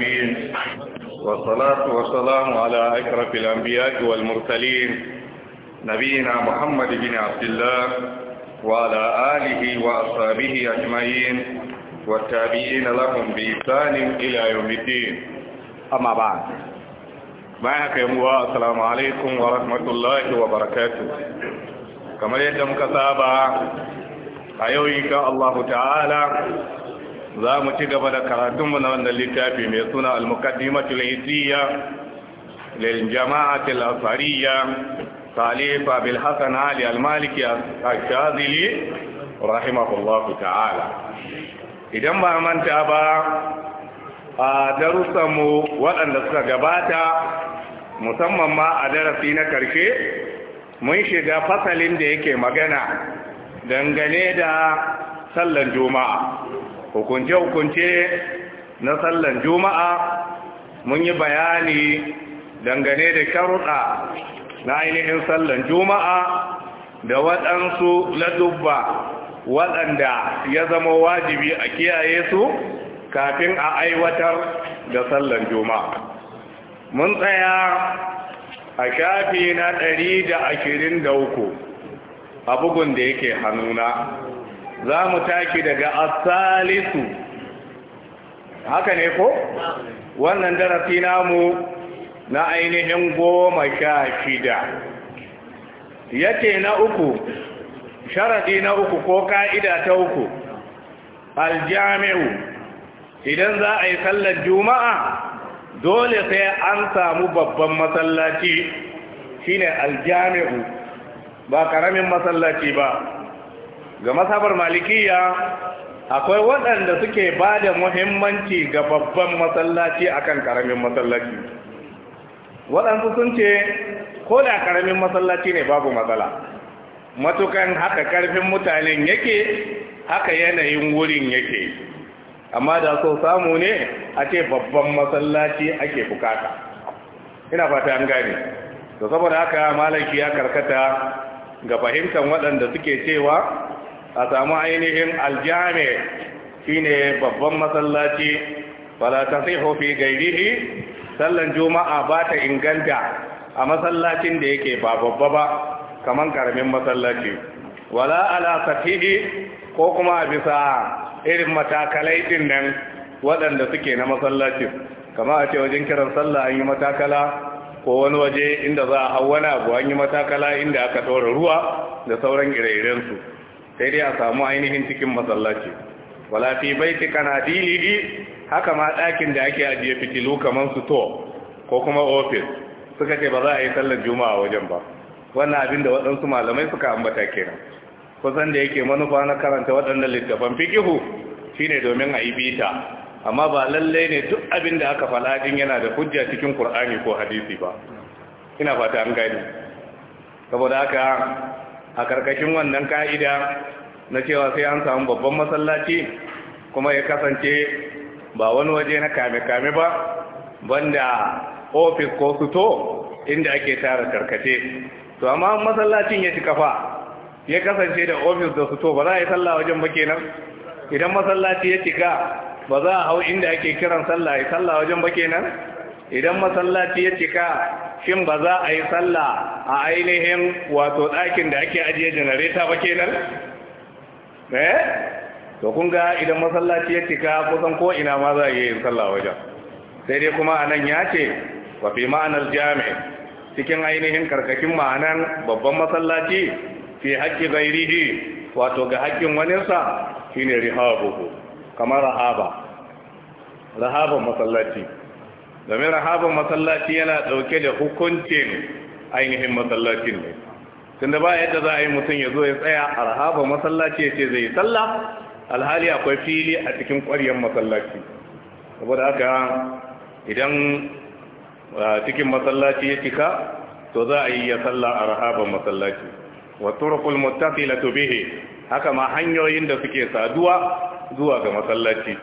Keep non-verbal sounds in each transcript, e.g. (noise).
العالمين والصلاة والسلام على أشرف الأنبياء والمرسلين نبينا محمد بن عبد الله وعلى آله وأصحابه أجمعين والتابعين لهم بإحسان إلى يوم الدين أما بعد ما يحكم السلام عليكم ورحمة الله وبركاته كما يتم كتابة أيوك الله تعالى za mu ci gaba da karatunmu na wannan littafi mai suna al-muqaddimatul hisiya lil jama'atil asariya khalifa bil hasan ali al-maliki ash-shazili rahimahullah ta'ala idan ba manta ba a darussanmu waɗanda suka gabata musamman ma a darasi na ƙarshe, mun shiga fasalin da yake magana dangane da sallan juma'a hukunce-hukunce na sallan juma'a mun yi bayani dangane da sharuɗa na ainihin sallan juma'a da waɗansu ladubba waɗanda ya zama wajibi a kiyaye su kafin a aiwatar da sallan juma'a mun tsaya a shafi na ɗari da ashirin da uku, a bugun da yake hannuna za mu taki daga asalisu haka ne ko wannan darasi namu na ainihin goma sha shida yake na uku sharadi na uku ko ka'ida ta uku aljami'u idan za a yi sallar juma'a dole sai an samu babban masallaci shine aljami'u ba karamin masallaci ba ga masabar malikiya akwai waɗanda suke ba da muhimmanci ga babban masallaci akan karamin masallaci waɗansu sun ce ko da karamin masallaci ne babu matsala matukan haka karfin mutanen yake haka yanayin wurin yake amma da so samu ne a ce babban masallaci ake bukata ina fata an gane Da saboda haka malaki ya karkata ga fahimtar waɗanda suke cewa a samu ainihin aljami shine babban masallaci wala hofi fi sallan juma'a ba ta inganta a masallacin da yake ba babba ba kamar karamin masallaci wala ala safihi ko kuma a bisa irin matakalai din nan waɗanda suke na masallaci kama a ce wajen kiran sallah an yi matakala ko wani waje inda za a hau wani abu an yi matakala inda aka ɗora ruwa da sauran ire-irensu sai dai a samu ainihin cikin masallaci wala fi baiti kana haka ma ɗakin da ake ajiye fitilu kamar su to ko kuma ofis suka ce ba za a yi sallar juma'a wajen ba wannan abin da waɗansu malamai suka ambata kenan kusan da yake manufa na karanta waɗannan littafan fikihu shine domin a yi bita amma ba lallai ne duk abin da aka fala din yana da hujja cikin Kur'ani ko hadisi ba ina fata an gani saboda haka a karkashin wannan ka'ida na cewa sai an samu babban masallaci kuma ya kasance ba wani waje na kame-kame ba banda ofis ko suto inda ake tara karkace. to amma masallacin ya ci kafa ya kasance da ofis da suto ba za a yi sallah wajen ba kenan idan masallaci ya cika ba za a hau inda ake kiran sallah ya sallah wajen ba kenan idan masallaci ya cika shin ba za a yi sallah a ainihin wato ɗakin da ake ajiye janareta ba kenan eh to kun ga idan masallaci ya cika kusan ko ina ma za a yi sallah wajen sai dai kuma anan ya ce wa fi ma'anar jami cikin ainihin karkashin ma'anan babban masallaci fi haƙƙi gairihi wato ga haƙƙin waninsa shine rihabuhu kamar rahaba rahaban masallaci domin rahaban masallaci yana ɗauke da hukuncin ainihin masallacin ne tunda ba yadda za a yi mutum ya zo ya tsaya a masallaci ya ce zai yi sallah alhali akwai fili a cikin ƙwaryen masallaci saboda haka idan cikin masallaci ya cika to za a yi ya sallah a rahaban masallaci wa turqul muttaqilatu bihi haka ma hanyoyin da suke saduwa zuwa ga masallaci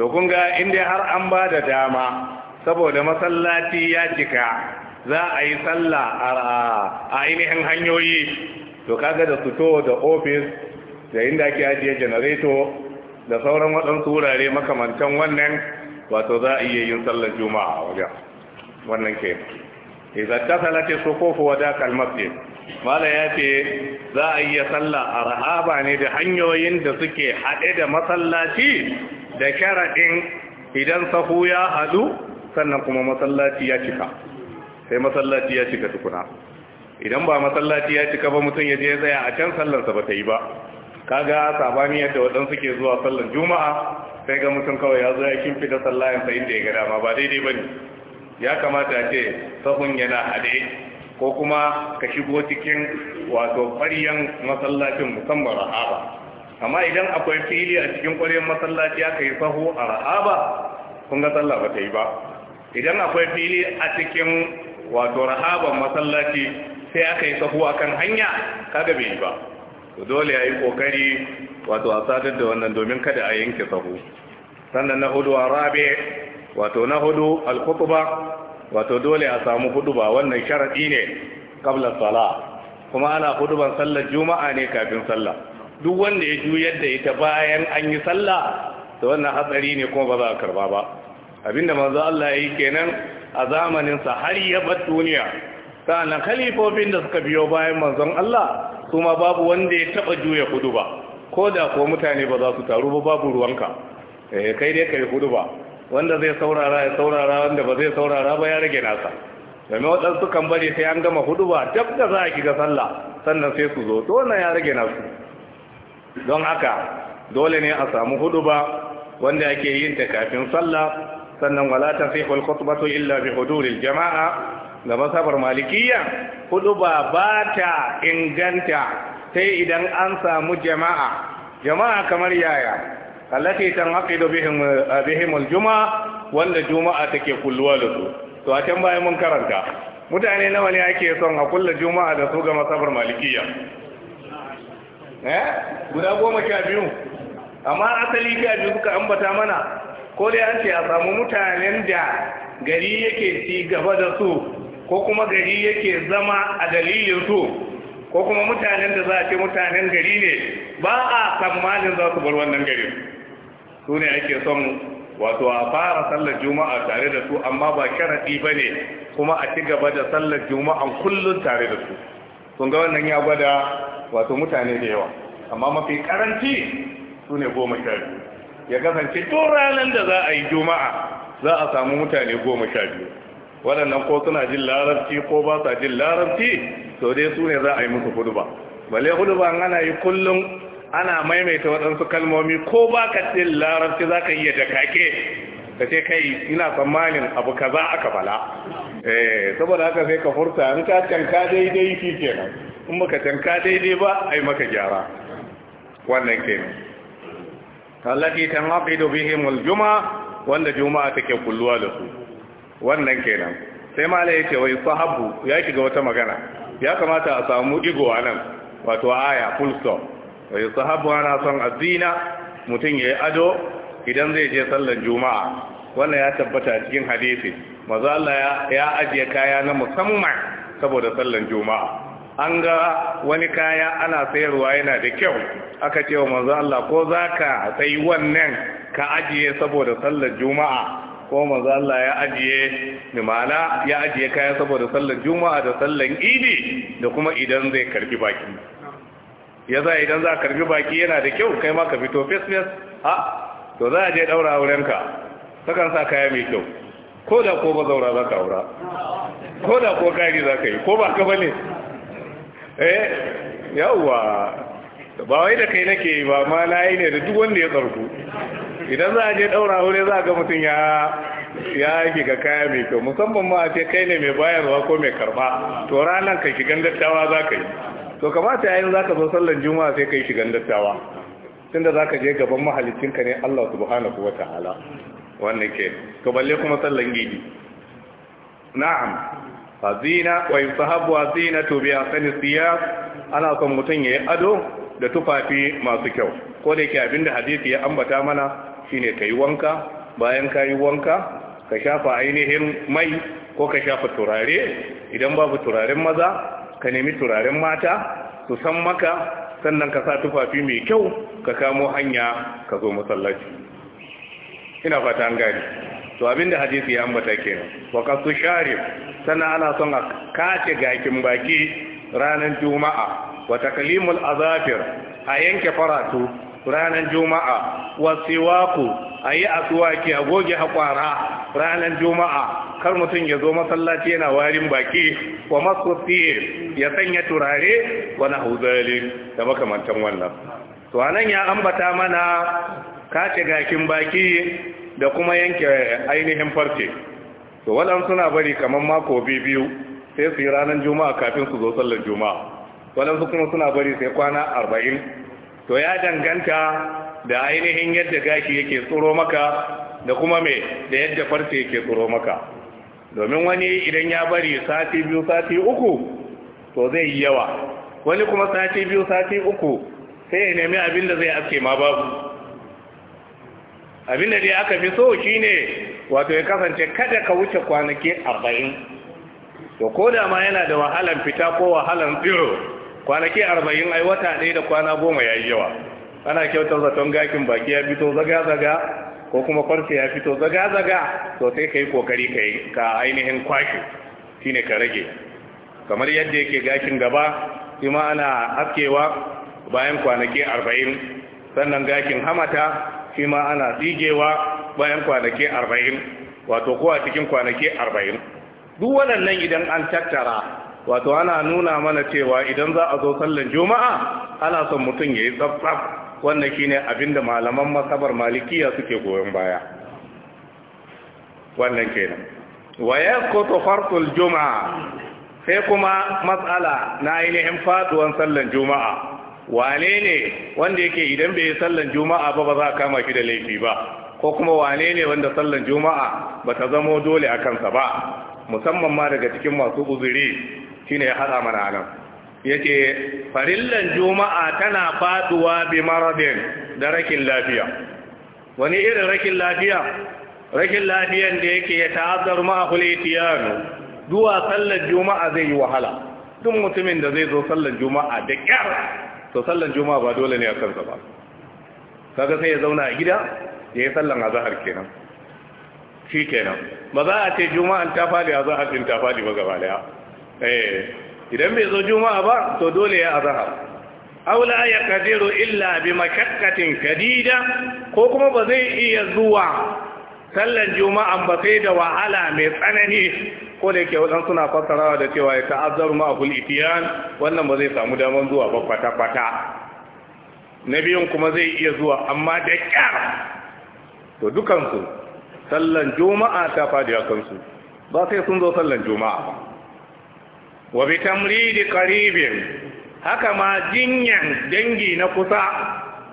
to kun ga inda har an ba da dama saboda masallaci ya cika za a yi sallah a ainihin hanyoyi to kaga da fito da ofis da inda ake ajiye janareto da sauran waɗansu wurare makamantan wannan wato za a iya yin sallar juma'a wajen wannan ke idan ta salati su wa dakal masjid mala ya ce za a iya sallah a rahaba ne da hanyoyin da suke haɗe da masallaci da sharaɗin idan sahu ya haɗu sannan kuma masallaci ya cika sai masallaci ya cika tukuna idan ba masallaci ya cika ba mutum ya je ya tsaya a can sallarsa ba ta yi ba kaga sabani yadda waɗansu ke zuwa sallar juma'a sai ga mutum kawai ya zo ya kimfi da sa inda ya ga dama ba daidai ba ne ya kamata ce sahun yana haɗe ko kuma ka shigo cikin wato ƙwaryen masallacin musamman rahaba amma idan akwai fili a cikin ƙwaryen masallaci aka yi saho a rahaba kun ga sallah ba ta yi ba idan akwai fili a cikin wato rahaban masallaci sai aka yi sahu akan hanya kaga bai yi ba to dole ya yi kokari wato a sadar da wannan domin kada a yanke sahu sannan na hudu a rabe wato na hudu alkutuba wato dole a samu ba wannan sharaɗi ne kabla sala kuma ana huduban sallar juma'a ne kafin sallah duk wanda ya juyar da ita bayan an yi sallah da wannan hatsari ne kuma ba za a karba ba abinda manzo Allah ya kenan a zamanin sa har ya bar duniya sa'annan khalifofin da suka biyo bayan manzon Allah Suma babu wanda ya taba juya kudu ba ko da ko mutane ba za su taru ba babu ruwanka eh kai dai kai kudu ba wanda zai saurara ya saurara wanda ba zai saurara ba ya rage nasa domin waɗansu kan bari sai an gama hudu ba duk da za a kiga sallah sannan sai su zo to wannan ya rage nasu don haka dole ne a samu hudu ba wanda ake yin ta kafin sallah sannan wala tasihul khutbatu illa bi huduril jama'a da masabar malikiyya huduba ba ta inganta sai idan an samu jama'a jama'a kamar yaya allati tanhaqidu bihim bihim juma'a wanda juma'a take kulluwa da su to a can bayan mun karanta mutane nawa ne ake son a kulla juma'a da su ga masabar malikiya eh guda goma sha biyu amma asali sha biyu suka ambata mana ko dai an ce a samu mutanen da gari yake ci gaba da su ko kuma gari yake zama a dalilin su ko kuma mutanen da za a ce mutanen gari ne ba a tsammanin za su bar wannan gari su ne ake son wato a fara sallar juma'a tare da su amma ba sharaɗi ba ne kuma a ci gaba da sallar juma'a kullum tare da su sun ga wannan ya gwada wato mutane da yawa amma mafi karanci su ne goma sha ya kasance duk ranar da za a yi juma'a za a samu mutane goma sha biyu waɗannan ko suna jin larabci ko ba sa jin larabci to dai su ne za a yi musu huduba balle huduba ana yi kullum ana maimaita waɗansu kalmomi ko ba ka jin larabci za ka iya jakake ka ce kai ina tsammanin abu kaza aka bala eh saboda haka sai ka furta in ka canka daidai shi kenan in baka canka daidai ba ai maka gyara wannan kenan allati tanqidu bihim juma'a. wanda juma'a take kulluwa da su wannan kenan sai mala yace wai sahabu ya shiga wata magana ya kamata a samu digo anan wato aya full stop wai sahabu ana son mutum ya yi ado idan zai je sallar juma'a wannan ya tabbata cikin hadisi maza Allah ya ajiye kaya na musamman saboda sallar juma'a an ga wani kaya ana sayarwa yana da kyau aka ce wa manzo Allah ko zaka sai wannan ka ajiye saboda sallar juma'a ko manzo Allah ya ajiye bi ya ajiye kaya saboda sallar juma'a da sallar idi da kuma idan zai karbi baki ya za idan za karbi baki yana da kyau kai ma ka fito face face a to za a je daura aurenka sakan sa kaya mai kyau ko da ko ba zaura za ka aura ko da ko kari za ka yi ko ba ka bane eh yawwa ba wai da kai nake yi ba ma na ne da duk wanda ya tsarku idan za a je daura aure za ga mutum ya ya ga kaya mai kyau musamman ma a ce kai ne mai bayarwa ko mai karba to ranar kai shigan dattawa za ka yi to kamata yayin za ka zo sallan juma'a sai kai shigan dattawa tunda za ka je gaban mahalicinka ne Allah subhanahu wa ta'ala wannan ke to kuma sallan gidi na'am azina wa yusahabu azinatu bi ahsani siyas ana son mutum yayi ado da tufafi masu kyau ko da yake abinda hadisi ya ambata mana shine kai wanka bayan kai wanka ka shafa ainihin mai ko ka shafa turare idan babu turaren maza ka nemi turaren mata su san maka sannan ka sa tufafi mai kyau ka kamo hanya ka zo masallaci ina fata an gani to da hadisi ya ambata kenan wa kasu sharif sannan ana son a kace gakin baki ranar juma'a wa taklimul azafir a yanke faratu ranar juma'a wa siwaku a yi asuwaki a goge hakwara ranar juma'a kar mutum ya zo masallaci yana warin baki wa masu ya sanya turare wa na da makamantan wannan to anan ya ambata mana kace gakin baki da kuma yanke ainihin farce to wadan suna bari kamar mako biyu sai su yi ranar juma'a kafin su zo sallar juma'a su kuma suna bari sai kwana arba'in to ya danganta da ainihin yadda gashi yake tsoro maka da kuma mai da yadda farce yake tsoro maka domin wani idan ya bari sati biyu sati uku to zai yi yawa wani kuma sati biyu sati uku sai ya nemi abin da zai aske ma babu abin da dai aka fi so shi ne, wato ya kasance kada ka wuce kwanaki arba'in to ko da ma yana da wahalan fita ko wahalan tsiro kwanaki arba'in ai wata ɗaya da kwana goma ya yi yawa ana kyautar zaton gakin baki ya fito zaga-zaga ko kuma kwarfe ya fito zaga-zaga to sai ka yi kokari ka ainihin kwashe ne ka rage kamar yadda yake gakin gaba shi ma ana haskewa bayan kwanaki arba'in sannan gakin hamata shi ma ana tsigewa bayan kwanaki arba'in wato kowa cikin kwanaki arba'in duk waɗannan idan an tattara wato ana nuna mana cewa idan za a zo sallan juma'a ana son mutum ya yi tsaf-tsaf wannan shine abin da malaman masabar malikiya suke goyon baya wannan kenan Waye yasqutu farqul juma'a sai kuma matsala na ainihin faduwan sallan juma'a wane ne wanda yake idan bai yi sallan juma'a ba ba za a kama shi da laifi ba ko kuma wane ne wanda sallan juma'a ba ta zamo dole a kansa ba musamman ma daga cikin masu uzuri shine ya haɗa mana anan yake farillan juma'a tana faduwa bi maradin da rakin lafiya wani irin rakin lafiya rakin lafiyan da yake ya ta'azzar ma itiyanu duwa sallar juma'a zai yi wahala duk mutumin da zai zo sallan juma'a da kyar to sallan juma'a ba dole ne a kansa ba kaga sai ya zauna a gida ya yi sallan azahar kenan shi kenan ba za a ce juma'an ta fadi azahar din ta fadi ba gaba daya eh idan bai zo juma'a ba to dole ya azahar aw la yaqdiru illa bi makakkatin kadida ko kuma ba zai iya zuwa sallan juma'an ba sai da wahala mai tsanani ko da yake wadansu suna fassarawa da cewa ya ta'azzaru ma akul itiyan wannan ba zai samu daman zuwa ba kwata kwata na biyun kuma zai iya zuwa amma da kyar to dukansu sallan juma'a ta fadi a kansu ba sai sun zo sallan juma'a ba wa bi tamridi qaribin haka ma jinyan dangi na kusa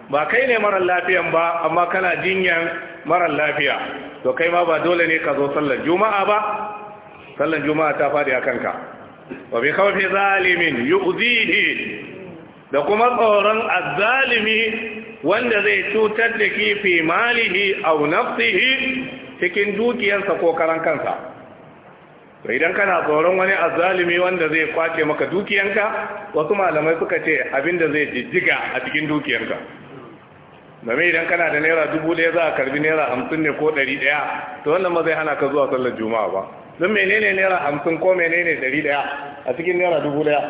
ba kai ne marar lafiyan ba amma kana jinyan marar lafiya to kai ma ba dole ne ka zo sallar juma'a ba sallar juma'a ta fadi a kanka wa bi khawfi zalimin yu'zihi da kuma tsoron azzalimi wanda zai cutar da ki fi malihi aw nafsihi cikin dukiyarsa ko karan kansa to idan kana tsoron wani azzalimi wanda zai kwace maka dukiyanka wasu malamai suka ce abinda zai jijjiga a cikin dukiyanka domin idan kana da naira dubu ɗaya za a karbi naira hamsin ne ko ɗari ɗaya to wannan ma zai hana ka zuwa sallar juma'a ba don menene naira hamsin ko menene ɗari ɗaya a cikin naira dubu ɗaya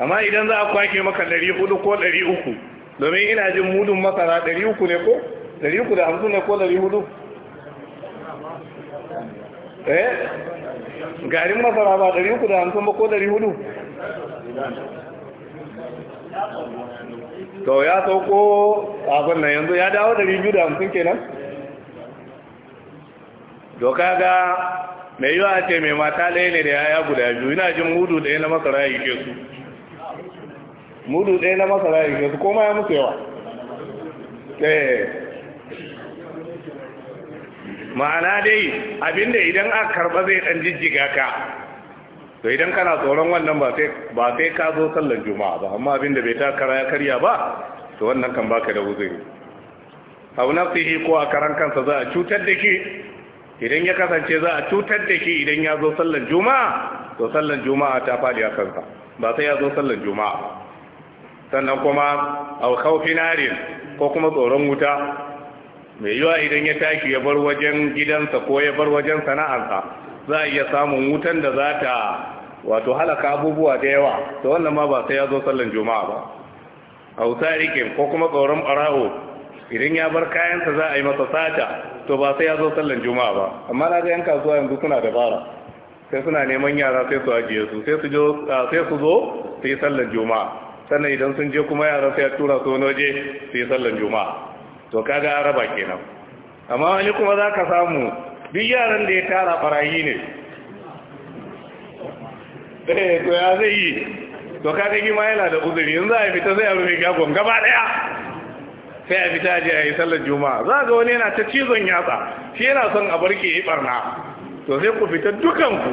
amma idan za a kwake maka ɗari hudu ko ɗari uku domin ina jin mudun masara ɗari uku ne ko ɗari uku da hamsin ne ko ɗari hudu eh garin masara ba ɗari uku da hamsin ba ko ɗari hudu to ya sauko abin nan yanzu ya dawo 250 kenan doka ga mai yiwa ce mai mata ɗaya ne da yaya guda biyu ina jin mudu ɗaya na masara ya ke su mudu ɗaya na masara ya ke su koma ya musu yawa eh. ma'ana dai abinda idan aka karɓa zai ɗan jijjiga ka to idan kana tsoron wannan ba sai ka zo sallar juma'a ba amma abin da bai takara ya karya ba to wannan kan baka da uzuri abu fi ko a karan kansa za a cutar da ke idan ya kasance za a cutar da ke idan ya zo sallar juma'a to sallar juma'a ta faɗi a kansa ba sai ya zo sallar juma'a sannan kuma a khawfi narin ko kuma tsoron wuta mai yiwa idan ya tashi ya bar wajen gidansa ko ya bar wajen sana'arsa za a iya samun wutan da za ta wato halaka abubuwa da yawa to wannan ma ba sai ya zo sallan juma'a ba hausa rikin ko kuma tsoron ɓarawo idan ya bar kayansa za a yi masa sata to ba sai ya zo sallan juma'a ba amma na ga yan kasuwa yanzu suna dabara sai suna neman yara sai su ajiye su sai su zo su yi sallan juma'a sannan idan sun je kuma yara sai ya tura su wani waje su yi sallan juma'a to kaga araba kenan amma wani kuma za ka samu duk yaran da ya tara barayi ne eh to ya zai yi to kaga gima yana da uzuri yanzu a fita zai a rufe gagon gaba daya sai a fita je a yi sallar juma'a za ga wani yana ta cizon yatsa shi yana son a barke yi barna to sai ku fita dukanku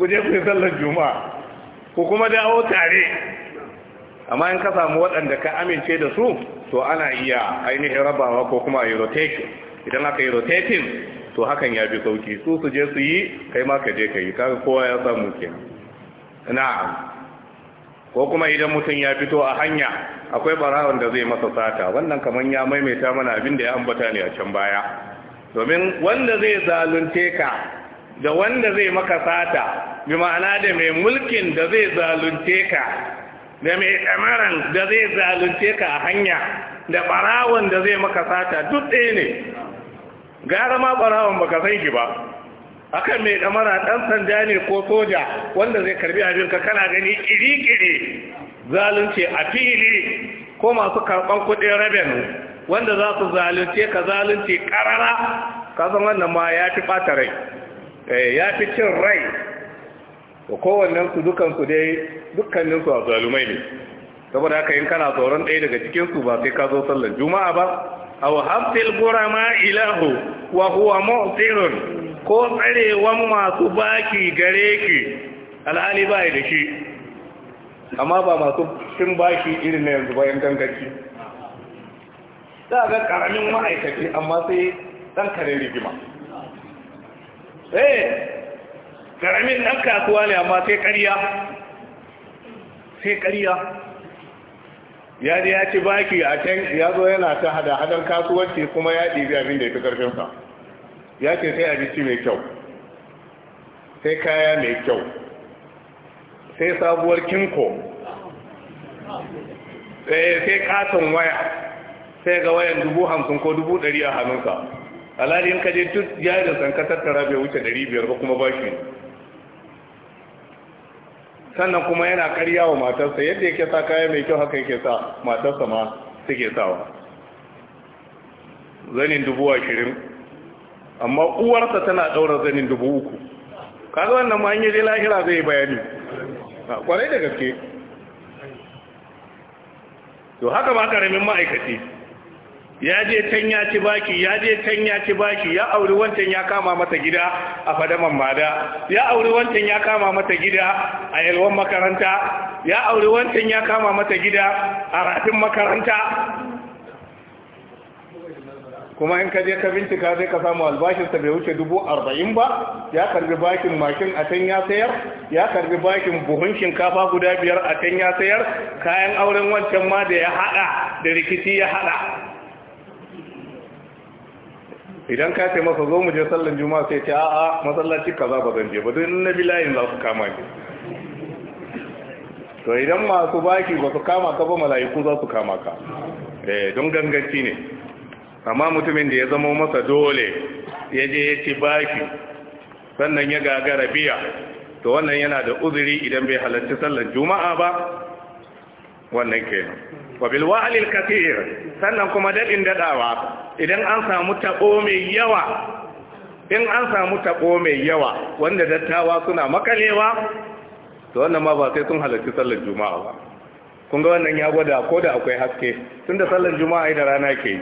ku je ku yi sallar juma'a ku kuma dawo tare amma in ka samu waɗanda ka amince da su to ana iya ainihin rabawa ko kuma a yi rotation idan aka yi rotating to hakan ya bi sauki su su je su yi kai ma ka je ka yi kaga kowa ya samu kenan na'am ko kuma idan mutum ya fito a hanya akwai barawon da zai masa sata wannan kamar ya maimaita mana abin da ya ambata ne a can baya domin wanda zai zalunce ka da wanda zai maka sata bi ma'ana da mai mulkin da zai zalunce ka da mai tsamaran da zai zalunce ka a hanya da barawon da zai maka sata duk ɗaya ne gara ma barawan baka san shi ba akan mai damara dan sanda ne ko soja wanda zai karbi abin ka kana gani kiri-kiri zalunce a fili ko masu karban kudin rabin wanda za su zalunce ka zalunce karara ka san wannan ma ya fi bata rai eh, ya fi cin rai da kowannensu su dai dukkaninsu a zalumai ne saboda haka in kana tsoron ɗaya daga cikinsu ba sai ka zo sallar juma'a ba aw hafil gurama ilahu wa huwa mu'tirun ko tsarewan masu baki gare ki alhali bai da shi amma ba masu cin baki irin na yanzu bayan gangaci za ga karamin ma'aikaci amma sai dan kare rigima eh karamin dan kasuwa ne amma sai ƙarya sai ƙarya ya ji ya ci baki a can ya zo yana ta hada hadar kasuwanci kuma ya ɗibi abin da ya fi ƙarfinsa ya ce sai abinci mai kyau sai kaya mai kyau sai sabuwar kinko eh, sai katon waya sai ga wayan dubu hamsin ko dubu ɗari a hannunsa alhali in ka duk jarin san tara bai wuce ɗari biyar ba kuma bashi sannan kuma yana karya wa matarsa yadda yake sa kaya mai kyau haka yake sa matarsa ma suke sawa zanin dubu ashirin amma uwarsa tana ɗaura zanin dubu uku kaga wannan ma an yi lahira zai bayani kwarai ah, da gaske to haka ba karamin ma'aikaci ya je can ya ci baki ya je can ya ci baki ya auri wancan ya kama mata gida a fadaman mada ya auri wancan ya kama mata gida a yalwan makaranta ya auri wancan ya kama mata gida a rafin makaranta kuma in ka je ka bincika zai ka samu albashinsa bai wuce dubu arba'in ba ya karbi bakin makin a can ya sayar ya karbi bakin buhun shinkafa guda biyar a can ya sayar kayan auren wancan ma da ya hada da rikici ya hada idan ka ce masa zo mu je sallan juma'a sai ce a'a masallaci kaza ba zan je ba don na layin za su kama ki to idan masu baki ba su kama ka ba mala'iku za su kama ka eh don ganganci ne amma mutumin da ya zama masa dole ya je ya ci baki sannan ya gagara biya to wannan yana da uzuri idan bai halarci sallan juma'a ba wannan kenan wa bil wa'lil kathir sannan kuma daɗin daɗawa. idan an samu taɓo mai yawa in an samu tabo mai yawa wanda dattawa suna makalewa to wannan ma ba sai sun halarci sallar juma'a ba kun ga wannan ya gwada ko da akwai haske tunda sallar juma'a da rana ke yi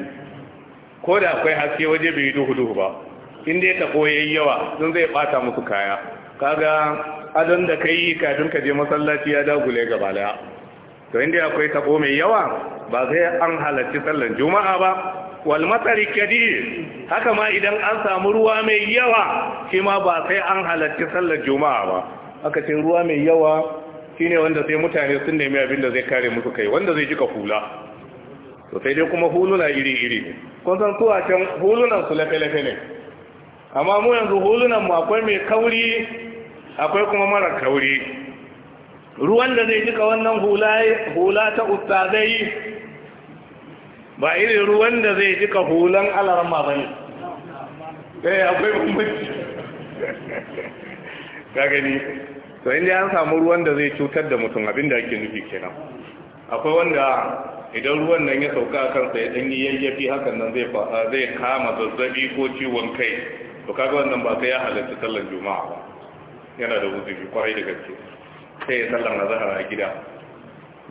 ko da akwai haske waje bai yi duhu duhu ba in dai tabo yayi yawa don zai ɓata musu kaya kaga adon da kai kafin ka je masallaci ya dagule gaba daya to inda akwai tabo mai yawa ba zai an halarci sallan juma'a ba wal matsari kadir haka ma idan an samu ruwa mai yawa shi ma ba sai an halarci sallar juma'a ba aka ce ruwa mai yawa shine wanda sai mutane sun nemi abin da zai kare musu kai wanda zai jika hula to sai dai kuma huluna iri-iri kun san su a can hulunan su lafe-lafe ne amma mu yanzu hulunan mu akwai mai kauri akwai kuma mara kauri ruwan da zai jika wannan hula ta ustazai ba irin ruwan da zai jika hulan alarma ba ne ɗaya eh, akwai bambanci (laughs) ka gani to inda an samu ruwan da zai cutar da mutum abin da ake nufi kenan akwai wanda idan ruwan nan ya sauka a kansa ya ɗanyi yayyafi hakan nan zai kama zazzabi ko ciwon kai to kaga wannan ba sai ya halarci sallan juma'a ba yana da uzuri kwarai da gaske sai ya na zahara a gida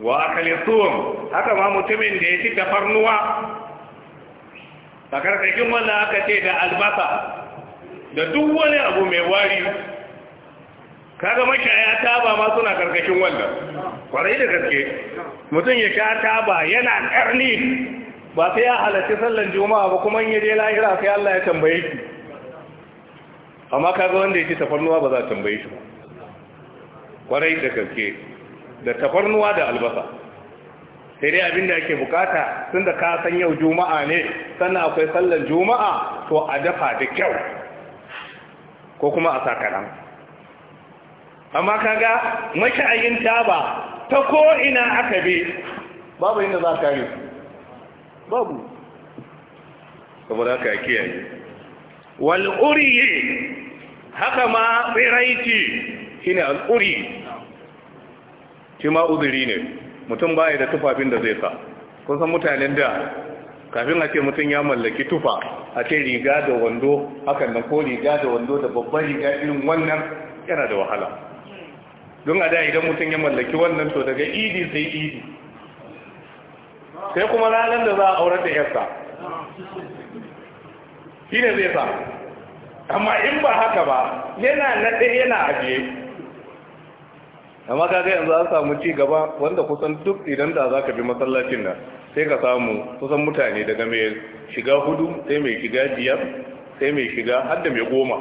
wa akali suwam haka ma mutumin da ya ci tafarnuwa a karkashin wannan aka ce da albasa da duk wani abu mai wari kaga mashaya taba ma suna karkashin wannan kwarai da gaske mutum ya sha taba yana karni ba sai ya halarci sallan juma'a ba kuma yi je lahira sai Allah ya tambaye shi amma kaga wanda ya ci tafarnuwa ba za a tambaye shi ba kwarai da kake da tafarnuwa da albasa sai dai abinda yake bukata tun da ka san yau juma'a ne sannan akwai sallan juma'a to a dafa da kyau ko kuma a sakaran amma kaga mashayin taba ta ko ina aka bi babu inda za ka yi babu saboda ka kiyaye wal'uriye haka ma tsiraici shine al'uri shi ma uzuri ne mutum baya da tufafin da zai sa kun san mutanen da kafin a ce mutum ya mallaki tufa a ce riga da wando hakan nan ko riga da wando da babban riga irin wannan yana da wahala don a da idan mutum ya mallaki wannan to daga idi sai idi sai kuma ranar da za a aurar da yasa shi ne zai sa amma in ba haka ba yana na ɗaya yana ajiye amma kaga yanzu an samu ci gaba wanda kusan duk idan da za ka bi masallacin nan sai ka samu kusan mutane daga mai shiga hudu sai mai shiga biyar sai mai shiga har da mai goma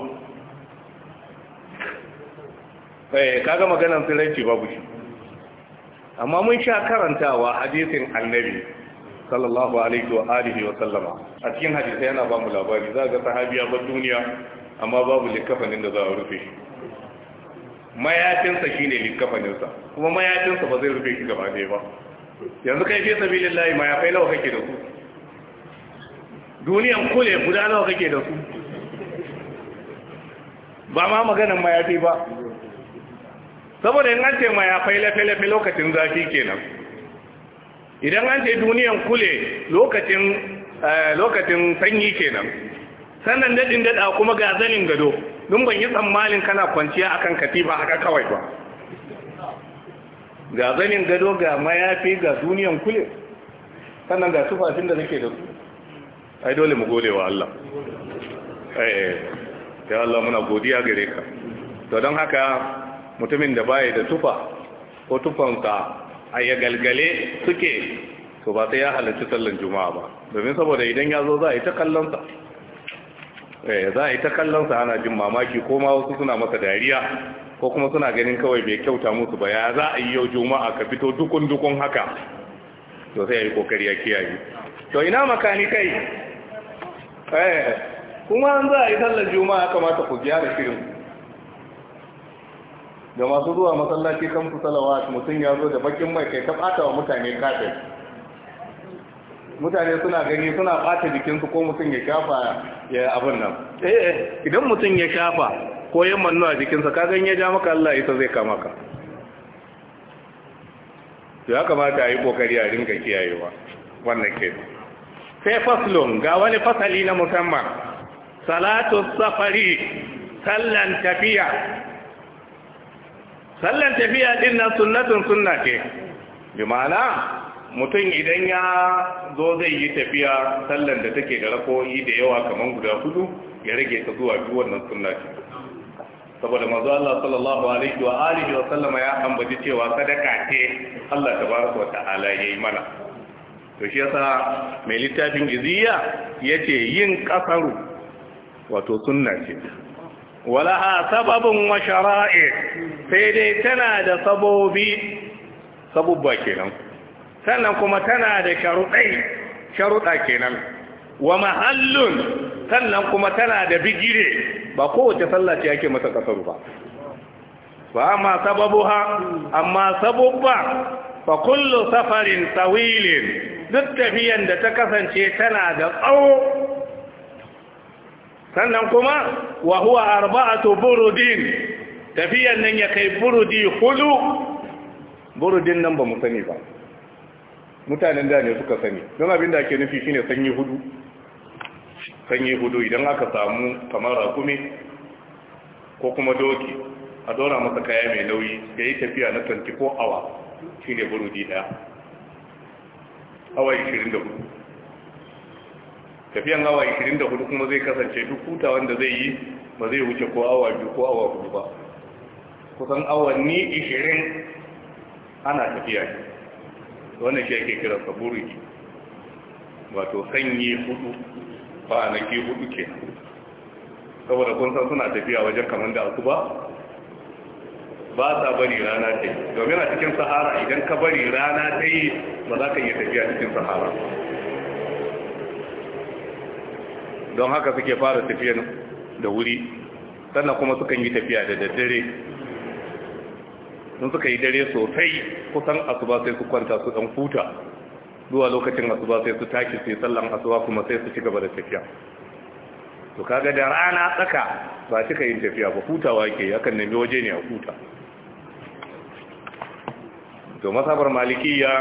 eh, kaga maganan sirranci babu shi amma mun sha karantawa hadisin annabi sallallahu alaihi wa alihi wa sallama a cikin hadisi yana ba mu labari za ga sahabiya ba duniya amma babu likafanin da za a rufe shi mayafinsa shine likafaninsa kuma mayafinsa ba zai rufe shi gaba ɗaya ba yanzu kai fi sabilillahi mayafai nawa kake da su duniyan kule guda nawa kake da su ba ma maganin mayafi ba saboda in an ce mayafai lafe lafi lokacin zafi kenan idan an ce duniyan kule eh, lokacin sanyi kenan sannan daɗin daɗa kuma ga zanin gado don ban yi tsammanin kana kwanciya akan katifa haka kawai ba ga zanin gado ga mayafi ga duniyan kule sannan ga tufafin da nake da su ai dole mu gode wa Allah eh, eh. ya Allah muna godiya gare ka to don haka mutumin da baya da tufa ko tufansa a ya galgale suke to ba ta ya halarci sallan juma'a ba domin saboda idan ya zo za a yi ta kallonsa Eh, za a yi ta kallonsa ana jin mamaki ko ma wasu suna masa dariya ko kuma suna ganin kawai bai kyauta musu ba ya za a yi yau juma'a ka fito dukun dukun haka to sai ya yi kokari ya kiyaye to ina makani kai eh kuma an za a yi sallar juma'a kamata ku gyara shirin da masu zuwa masallaci kan su mutum ya zo da bakin mai kai ta bata wa mutane kafin mutane suna gani suna ɓata jikinsu ko mutum ya shafa ya abin nan eh, eh idan mutum ya shafa ko yin mannuwa a jikinsa ka gan ya ja maka Allah ita zai kama ka ya kamata a yi kokari a ringa kiyayewa wannan ke sai faslun ga wani fasali na musamman salatu safari sallan tafiya sallan tafiya din nan sunnatun sunna ce bi ma'ana mutum idan ya zo zai yi tafiya sallan da take da rako'i da yawa kamar guda hudu ya rage ta zuwa biyu wannan suna ce saboda mazu Allah sallallahu alaihi wa alihi wa sallama ya ambaci cewa sadaka ce Allah ta su wata ala ya yi mana to shi yasa mai littafin ya ce yin kasaru wato sunna ce ha sababin wa shara'i sai dai tana da sabobi sabubba kenan sannan kuma tana da sharuɗai sharuɗa kenan wa mahallun sannan kuma tana da bigire ba kowace sallah ce ake masa kasaru ba ma amma ha, amma sabubba fa kullu safarin tawilin duk tafiyan da ta kasance tana da tsawo sannan kuma wa huwa arba'atu burudin tafiyan nan ya kai burudi hudu burudin nan ba mu sani ba mutanen da ne suka sani don abin da ake nufi shine sanyi hudu sanyi hudu idan aka samu kamar rakumi ko kuma doki a dora masa kaya mai nauyi da yi tafiya na 24 awa shine burudi daya awa 24 tafiyan awa 24 kuma zai kasance duk huta wanda zai yi ba zai wuce ko awa biyu ko awa hudu ba kusan awanni 20 ana tafiya wannan shi ake kira saburi wato sanyi hudu kwanaki hudu ke saboda kun san suna tafiya wajen kamar da asuba ba sa bari rana ta yi domin a cikin sahara idan ka bari rana ta yi ba za ka iya tafiya cikin sahara don haka suke fara tafiya da wuri sannan kuma sukan yi tafiya da daddare sun suka yi dare sosai kusan asuba sai su kwanta su ɗan futa zuwa lokacin asuba sai su tashi sai sallan asuba kuma sai su ci gaba da tafiya to kaga da rana tsaka ba cika yin tafiya ba hutawa yake yakan nemi waje ne a huta to masabar malikiya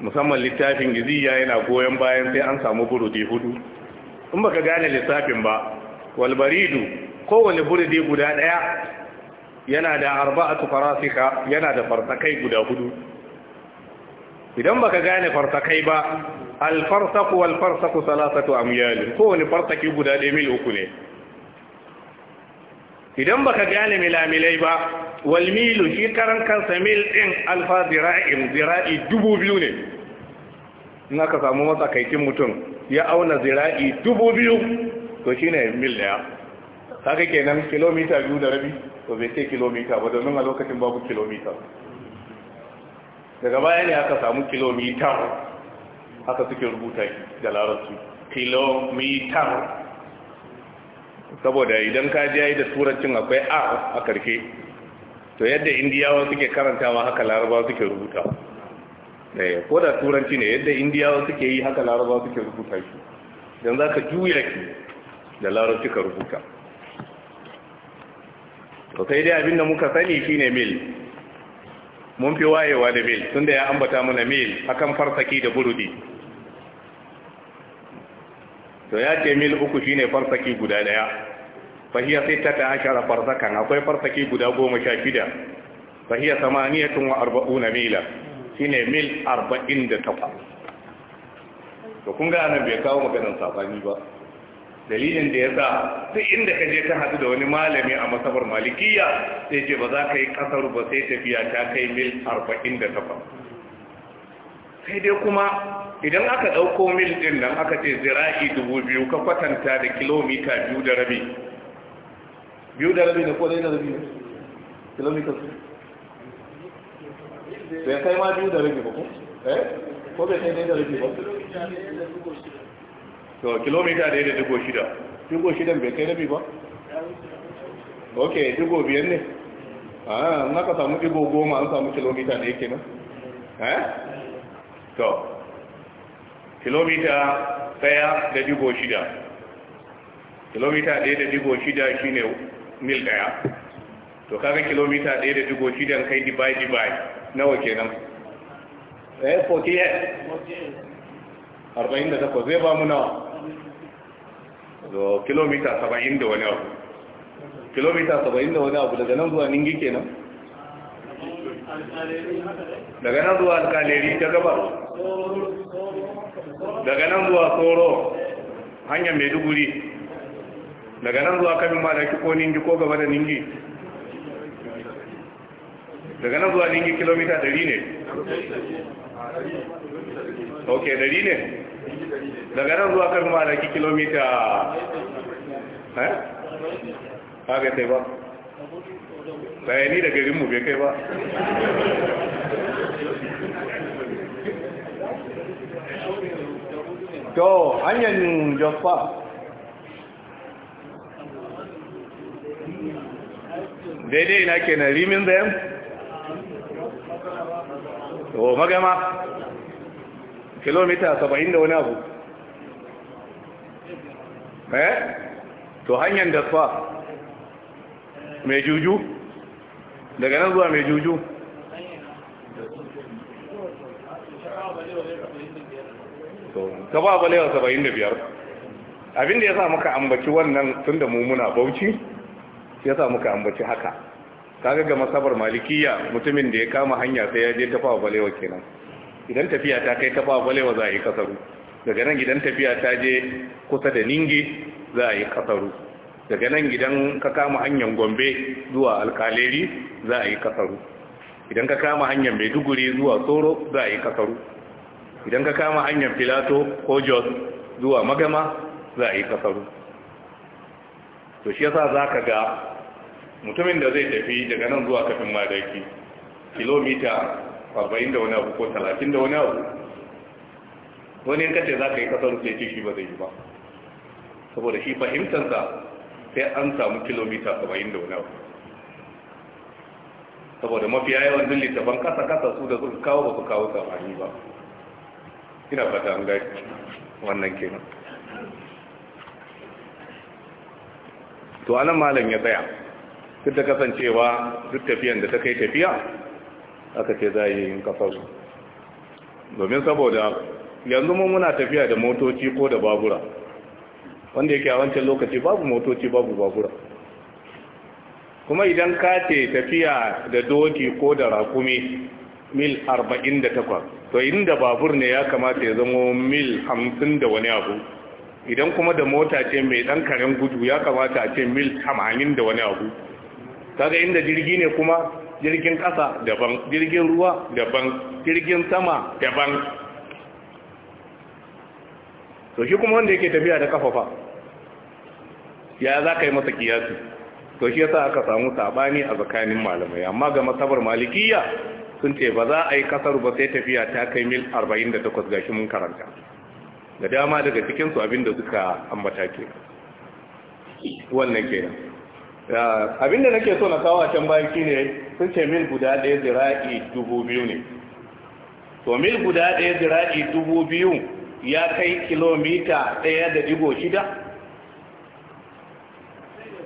musamman littafin giziya yana goyon bayan sai an samu burudi hudu in baka gane lissafin ba walbaridu kowane burudi guda ɗaya. yana da arba'atu farasika yana da farsakai guda hudu idan baka gane farsakai ba alfarsaku walfarsaku salasatu amyal kowane farsaki guda ɗaya mil uku ne idan baka gane milamilai ba walmilu shi karan kansa mil ɗin alfa zira'in zira'i dubu biyu ne in aka samu matsakaikin mutum ya auna zira'i dubu biyu to shi ne mil ɗaya kaga kenan kilomita biyu da rabi to bai ce kilomita ba domin a lokacin babu kilomita daga baya ne aka samu kilomita haka suke rubuta da larabci kilomita saboda idan ka ji da turancin akwai a a karke to yadda indiyawa suke karantawa haka larabawa suke rubuta eh, ko da turanci ne yadda indiyawa suke yi haka larabawa suke rubuta shi don za ka juya ki da larabci ka rubuta to sai dai abinda muka sani shine mil mun fi wayewa da mil tunda ya ambata mana mil akan farsaki da burudi to ya ce mil uku shine farsaki guda daya fahiya sai ta ta ashara farsakan akwai farsaki guda goma sha shida fahiya samaniyatun wa arba'una mila shine mil arba'in da takwas to kun ga anan bai kawo maganin sabani ba dalilin da ya sa duk inda ka je ta hadu da wani malami a masabar malikiya sai ce ba za ka yi ƙasar ba sai tafiya ta kai mil arba'in da sai dai kuma idan aka ɗauko mil ɗin nan aka ce zira'i dubu biyu ka kwatanta da kilomita biyu da rabi biyu da rabi da ko da rabi ne kilomita su bai kai ma biyu da rabi ba ko eh ko bai kai da rabi ba to kilomita ɗaya da digo shida digo shidan bai kai rabi ba ok digo biyar ne An ah, in aka samu digo goma an samu kilomita ɗaya kenan eh to kilomita ɗaya da digo shida kilomita ɗaya da digo shida shine mil ɗaya to kaga kilomita ɗaya da digo shidan kai dibai dibai nawa kenan eh 48 48 zai ba mu nawa kilomita saba'in da wani abu kilomita saba'in da wani abu daga nan zuwa ningi kenan daga nan zuwa alkaleri ta gaba daga nan zuwa tsoro hanyar maiduguri daga nan zuwa kamin malaki ko ningi ko gaba da ningi daga nan zuwa ningi kilomita dari ne ok dari ne daga nan zuwa kan malaki kilomita ga eh? sai ba bayani da mu bai kai ba to hanyar josfa daidai na na rimin zayen o magama kilomita saba'in da wani abu eh to hanyar da fa mai juju daga nan zuwa mai juju ta ba balewa saba'in da biyar abinda ya sa muka ambaci wannan tun da mummuna bauchi ya sa muka ambaci haka kaga ga masabar malikiya mutumin da ya kama hanya sai ya je ta balewa kenan idan tafiya ta kai ta ba gwalewa za a yi kasaru daga nan gidan tafiya ta je kusa da ningi za a yi kasaru daga nan gidan ka kama hanyar gombe zuwa alkaleri za a yi kasaru idan ka kama hanyar maiduguri zuwa tsoro za a yi kasaru idan ka kama hanyar filato ko jos zuwa magama za a yi kasaru to shi yasa za ka ga mutumin da zai tafi daga nan zuwa kafin madaki kilomita arba'in da wani abu ko talatin da wani abu wani yankan ce za ka yi kasar rufe shi ba zai yi ba saboda shi fahimtansa sai an samu kilomita arba'in da wani abu saboda mafiya yawan duk littafan kasa kasa su da suka kawo ba su kawo samani ba ina fata an gaji wannan kenan to anan malam ya tsaya duk da kasancewa duk tafiyan da ta kai tafiya aka ce za a yi yin kafaru domin saboda yanzu mu muna tafiya da motoci ko da babura wanda yake a wancan lokaci babu motoci babu babura kuma idan ka ce tafiya da doki ko da rakumi mil 48 to inda babur ne ya kamata ya zama mil 50 da wani abu idan kuma da mota ce mai dan karen gudu ya kamata a ce mil 80 da wani abu kaga inda jirgi ne kuma jirgin kasa, daban jirgin ruwa daban jirgin sama daban to shi kuma wanda yake tafiya da kafafa ya za ka yi masa kiyasi to shi yasa aka samu sabani a tsakanin malamai amma ga masabar malikiya sun ce ba za a yi kasar ba sai tafiya ta kai mil 48 gashi mun karanta da dama daga cikinsu abinda suka ambata ke wannan kenan abinda nake so na kawo a can baki ne sun ce mil guda ɗaya zira'i dubu biyu ne to mil guda ɗaya zira'i dubu biyu ya kai kilomita ɗaya da digo shida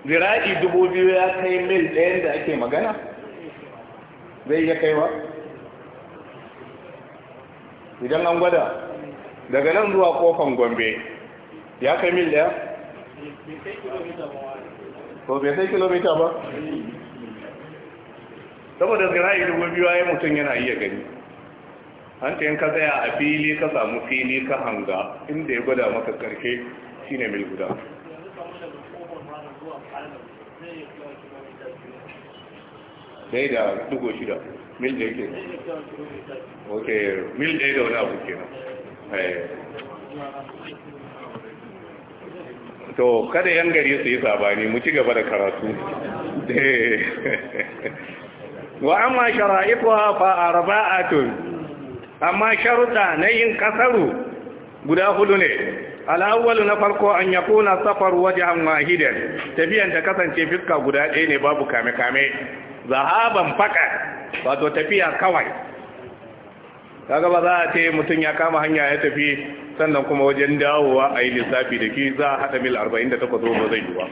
zira'i dubu biyu ya kai mil ɗayan da ake magana zai iya kaiwa idan an gwada daga nan zuwa kofan gombe ya kai mil ɗaya to bai sai kilomita ba saboda zira'i dubu biyu ya mutum yana iya gani an ce ka tsaya a fili ka samu fili ka hanga inda ya gwada maka karshe shine mil guda dai da dugo shida mil da yake ok mil ɗaya da wani abu kenan eh. to kada yan gari su yi sabani mu ci gaba da karatu eh. wa amma shara'ifuha fa arba'atun amma sharuda na yin kasaru guda hudu ne al'awwalu na farko an yakuna safar wajhan wahidan tafiyan ta kasance fiska guda ɗaya ne babu kame kame zahaban fakat wato tafiya kawai kaga ba za a ce mutum ya kama hanya ya tafi sannan kuma wajen dawowa a yi lissafi da ki za a haɗa mil da takwas ba zai yi ba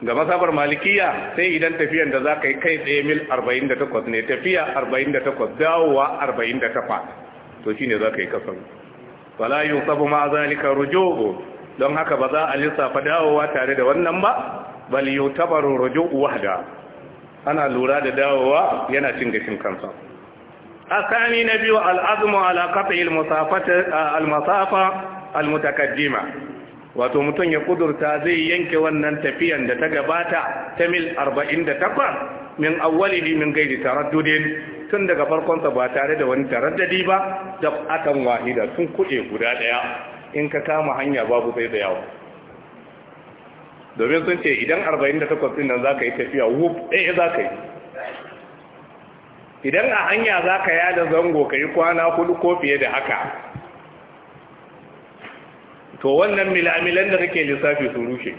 ga masabar malikiya sai idan tafiyan da za ka yi kai tsaye mil 48 ne tafiya 48 dawowa 48 to shine za ka yi kasan. wala yi sabu ma zalika rujo'u don haka ba za a lissafa dawowa tare da wannan ba bal yi tabarin rujo'u wahda ana lura da dawowa yana cin gashin kansa الثاني نبي biyu على قطع المسافة المسافة المتقدمة wato mutum ya kudurta zai yanke wannan tafiyan da ta gabata ta mil 48 min awwalihi min gairi taraddudin tun daga farkonsa ba tare da wani taraddadi ba da akan wahida sun kuɗe guda ɗaya in ka kama hanya babu sai da yawa domin sun ce idan 48 din nan za ka yi tafiya wuf ɗaya za ka yi idan a hanya za ka yada zango ka yi kwana hudu ko fiye da haka to wannan milamilan da kake lissafi su rushe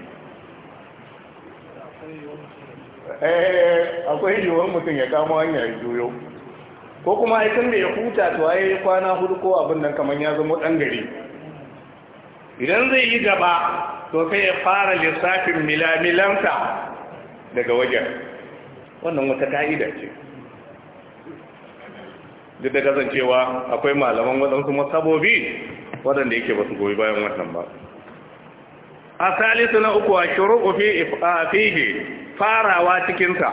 eh, akwai yiwuwar mutum ya kama hanyar juyo ko kuma aikin da ya huta to ya yi kwana hudu ko abin nan kamar ya zama dan gari idan zai yi gaba to sai ya fara lissafin milamilansa daga wajen wannan wata ka'ida ce duk da kasancewa akwai malaman waɗansu masabobi waɗanda yake ba su goyi bayan wannan ba a salisu na uku a a fihi farawa cikinsa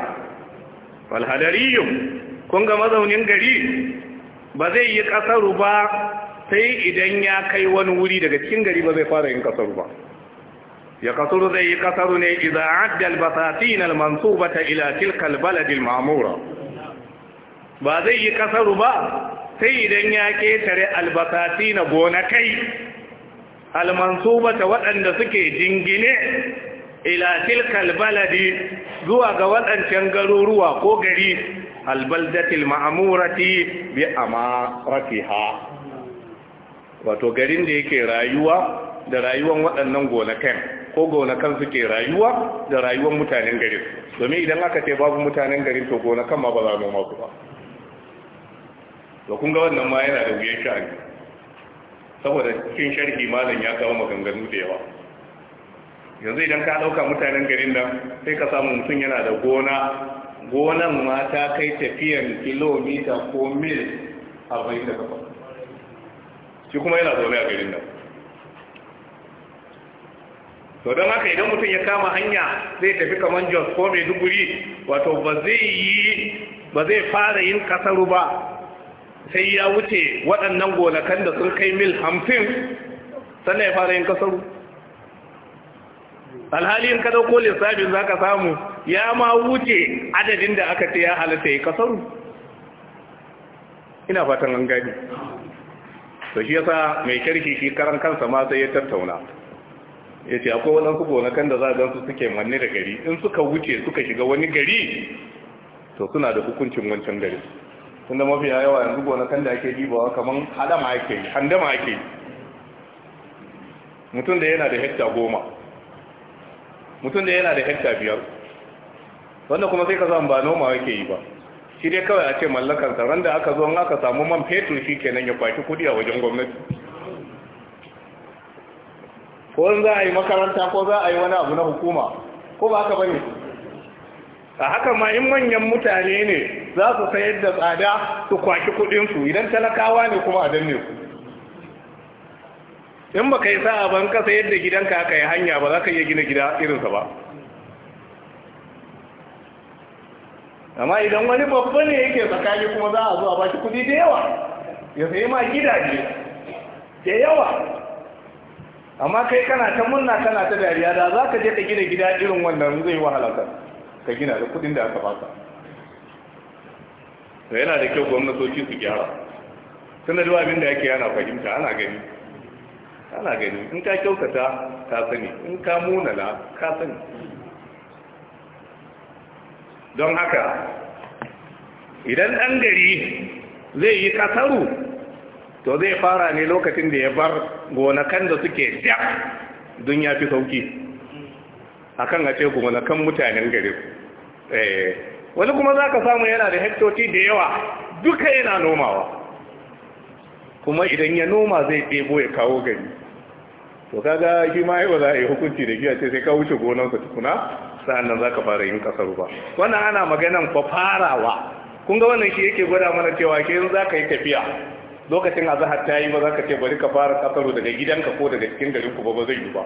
walhadariyun kun ga mazaunin gari ba zai yi ƙasaru ba sai idan ya kai wani wuri daga cikin gari ba zai fara yin ƙasaru ba ya kasaru zai yi ƙasaru ne idan addal basatin almansubata ila tilkal baladil mamura ba zai yi kasaru ba sai idan ya ketare albasati na gonakai ta waɗanda suke jingine ila tilkal baladi zuwa ga waɗancan garuruwa ko gari albaldatil ma'amurati bi amaratiha wato garin da yake rayuwa da rayuwan waɗannan gonakan ko gonakan suke rayuwa da rayuwan mutanen garin domin idan aka ce babu mutanen garin to gonakan ma ba za noma su ba to kun ga wannan ma yana da wuyan sha'ani saboda cikin sharhi malam ya kawo maganganu da yawa yanzu idan ka dauka mutanen garin nan sai ka samu mutum yana da gona gonan ma ta kai tafiyan kilomita ko mil da kafa. shi kuma yana zaune a garin nan to don haka idan mutum ya kama hanya zai tafi kamar jos ko maiduguri wato ba zai yi ba zai fara yin kasaru ba sai ya wuce waɗannan gonakan da sun kai mil hamfin sannan ya fara yin kasaru alhali in ka dauko lissafin za ka samu ya ma wuce adadin da aka ce ya halatta ya kasaru ina fatan an gani to shi yasa mai kirki shi karan kansa ma sai ya tattauna ya ce akwai waɗansu gonakan da za a gansu suke manne da gari in suka wuce suka shiga wani gari to suna da hukuncin wancan gari tunda mafi yawa yanzu gonakan da ake dibawa kamar hadama ake yi handama ake yi mutum da yana da hekta goma mutum da yana da hekta biyar wanda kuma sai ka zan ba noma yake yi ba shi dai kawai a ce mallakansa randa aka zo aka samu man fetur shi kenan ya kwaki kudi a wajen gwamnati ko za a yi makaranta ko za a yi wani abu na hukuma ko ba haka bane a haka ma in manyan mutane ne za su sayar da tsada su kwaki kudinsu idan talakawa ne kuma a danne ku in ba ka yi sa'a ban ka sayar da gidanka aka yi hanya ba za ka iya gina gida irinsa ba amma idan wani babba ne yake tsakani kuma za a zo a ba shi kudi da yawa ya sayi ma gidaje da yawa amma kai kana ta murna kana ta dariya da za ka je ka gina gida irin wannan zai wahala ka gina da kudin da aka fasa to yana da kyau gwamnatoci su gyara tunda duk abin da yake yana fahimta ana gani ana gani in ka kyautata ka sani in ka munana ka sani don haka idan ɗan gari zai yi kasaru to zai fara ne lokacin da ya bar gonakan da suke ja don ya fi sauki akan a ce gonakan mutanen gari eh. wani kuma za ka samu yana da hektoci da yawa duka yana nomawa kuma idan ya noma zai ɗebo ya kawo gari to kaga shi ma ba za a yi hukunci da giya ce sai ka wuce gonarsa tukuna sa'annan za ka fara yin kasar ba wannan ana maganan fa farawa kun ga wannan shi yake gwada mana cewa ke yanzu za ka yi tafiya lokacin azahar ta yi ba za ka ce bari ka fara kasaro daga gidanka ko daga cikin garin ku ba ba zai yi ba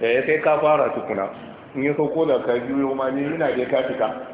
da eh, ya sai ka fara tukuna in yi sauko da ka juyo ma ne ina da ka fita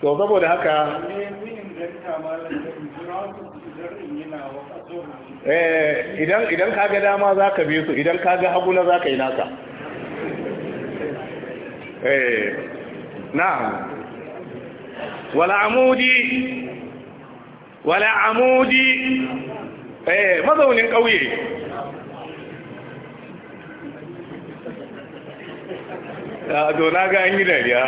to saboda haka eh, idan ka ga dama za ka bi su idan ka ga haguna za ka yi naka eh, na'am wala amudi wala amudi eh, mazaunin ƙauye a ah, dona na ga an yi dariya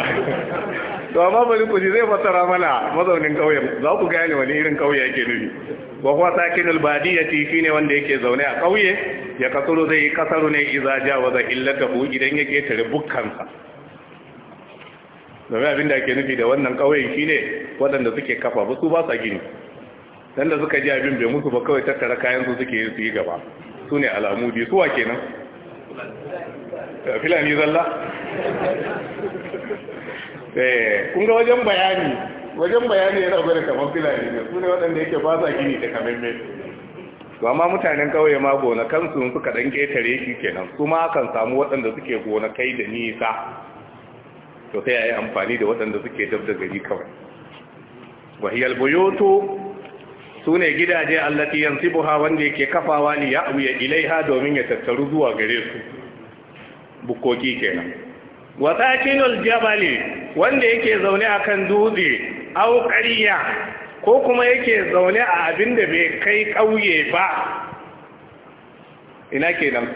to amma bari ku ji zai fassara mana mazaunin kauyen za ku gane wani irin ƙauye yake nufi wa huwa sakin tifi shine wanda yake zaune a ƙauye ya kasuru zai yi kasaru ne idza jawaza illatahu idan yake tare bukkansa abin abinda ake nufi da wannan ƙauyen shine waɗanda suke kafa ba su ba sa gini dan da suka ji abin bai musu ba kawai tattara kayan su suke su yi gaba su ne alamu suwa kenan filani zalla Eh, kun ga wajen bayani wajen bayani yana gwada kamar filani ne su ne waɗanda yake ba sa gini da kamar mai to amma mutanen kauye ma su suka dan ƙetare shi kenan su ma kan samu waɗanda suke gona kai da nisa to sai a yi amfani da waɗanda suke dab da gari kawai wahiyar buyoto su ne gidaje allati yansibuha wanda yake kafawa ne ya ilaiha domin ya tattaru zuwa gare su bukoki kenan wa sakinul jabali wanda yake zaune a kan dutse au ƙariya ko kuma yake zaune a abin da bai kai ƙauye ba ina kenan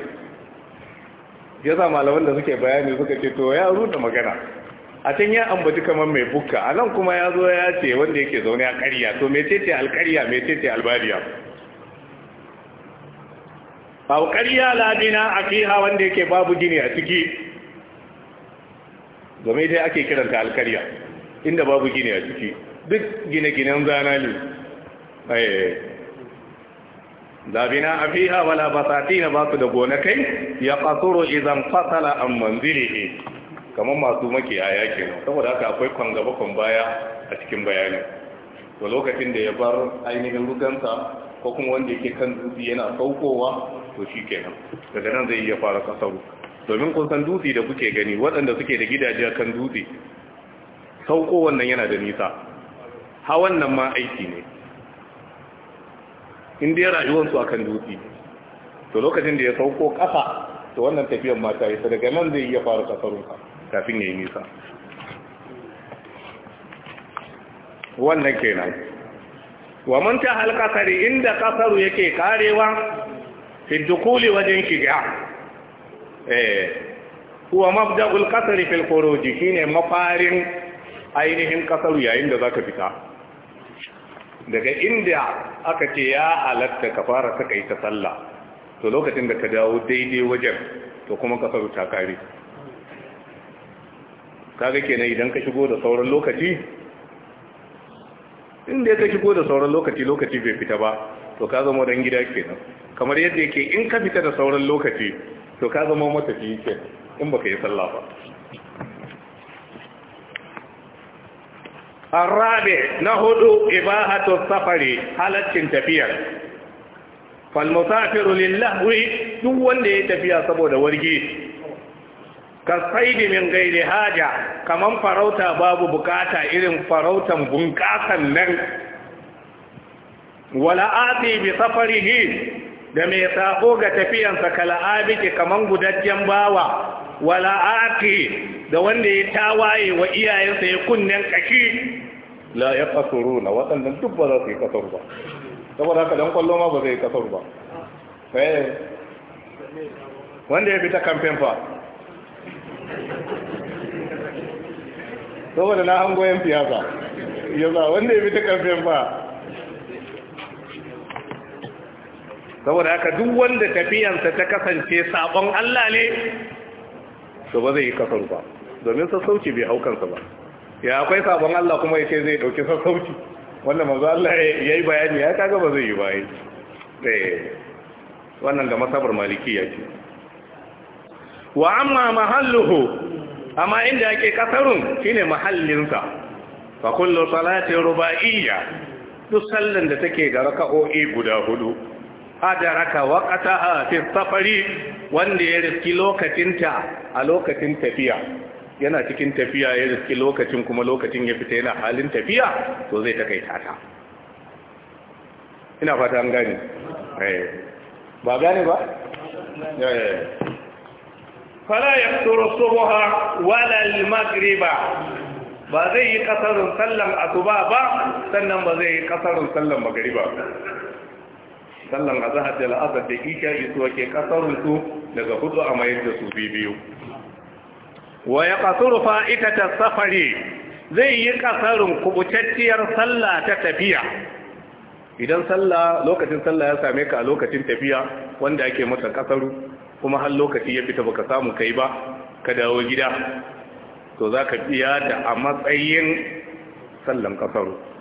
ya sa malaman da suke bayani suka ce to ya ruta magana a can ya ambaci kamar mai bukka a nan kuma ya zo ya ce wanda yake zaune a ƙariya to mecece alƙarya mecece albariya a ƙariya labina a fiha wanda yake babu gini a ciki game dai ake kiranta alkarya inda babu gini a ciki duk gine-ginen zana ne eh. labina a ba wala basati ba basu da gona kai ya kasuro izan fasala a manzili kamar masu makiyaya ke saboda haka akwai kwan baya a cikin bayanin to lokacin da ya bar ainihin rugansa ko kuma wanda yake kan dutse yana saukowa to shi kenan daga nan zai iya fara kasaru domin kun san dutse da kuke gani waɗanda suke da gidaje kan dutse sauko wannan yana da nisa hawan nan ma aiki ne in dai rayuwarsu akan dutse to lokacin da ya sauko ƙasa to wannan tafiyar mata ya daga nan zai iya fara kasarunka kafin ya yi nisa wannan kenan wa man ta kare inda kasaru yake karewa fi dukuli wajen shiga eh huwa mabda'ul qasri fil khuruj shine mafarin ainihin kasaru yayin da zaka fita daga inda aka ce ya halatta ka fara kai ta sallah to lokacin da ka dawo daidai wajen to kuma faru ta kare kaga kenan idan ka shigo da sauran lokaci inda ka shigo da sauran lokaci lokaci bai fita ba to ka zama dan gida kenan kamar yadda yake in ka fita da sauran lokaci to ka zama matafi ke in baka yi sallah ba arabe na hudu ibahatu safari halaccin tafiyar falmusafiru lillahi duk wanda ya tafiya saboda wargi ka saidi min gairi haja kaman farauta babu bukata irin farautan bunƙasan nan wala ati bi safarihi da mai sako ga tafiyansa kala'abiki kaman gudajjen bawa wala aqi da wanda ya tawaye wa iyayensa ya kunnen kashi la na waɗannan duk ba za su yi ƙasar ba saboda haka dan kwallo ma ba zai yi ƙasar ba eh wanda ya bi ta kamfen fa saboda na hango yan siyasa yasa wanda ya bi ta kamfen fa saboda haka duk wanda tafiyansa ta kasance sabon Allah ne to ba zai yi ba domin sassauci bai haukansa ba ya akwai sabon Allah kuma ya ce zai dauki sassauci Wannan manzo Allah ya yi bayani ya kaga ba zai yi ba bayi eh, wannan ga masabar ya ce wa amma mahalluhu amma inda yake kasarun shine mahallinsa fa kullu salati ruba'iyya duk sallan da take da raka'o'i guda hudu adaraka waqataha fi safari wanda ya riski lokacinta a lokacin tafiya yana cikin tafiya ya riski lokacin kuma lokacin ya fita yana halin tafiya to zai kai tata. ina fata an gane eh. ba gane ba eh. fala tsoro subha wala al-maghriba ba zai yi kasarun sallan asuba ba sannan ba zai yi kasarun sallan magriba ba sallan zahar da la'azar da yi su wake kasarun daga hudu a mayar da su biyu wa ya ita ta safari zai yi kasarun kubutacciyar sallah ta tafiya idan sallah lokacin sallah ya same ka a lokacin tafiya wanda ake masa kasaru kuma har lokaci ya fita baka samu kai ba ka dawo gida to za ka biya da a matsayin sallan kasaru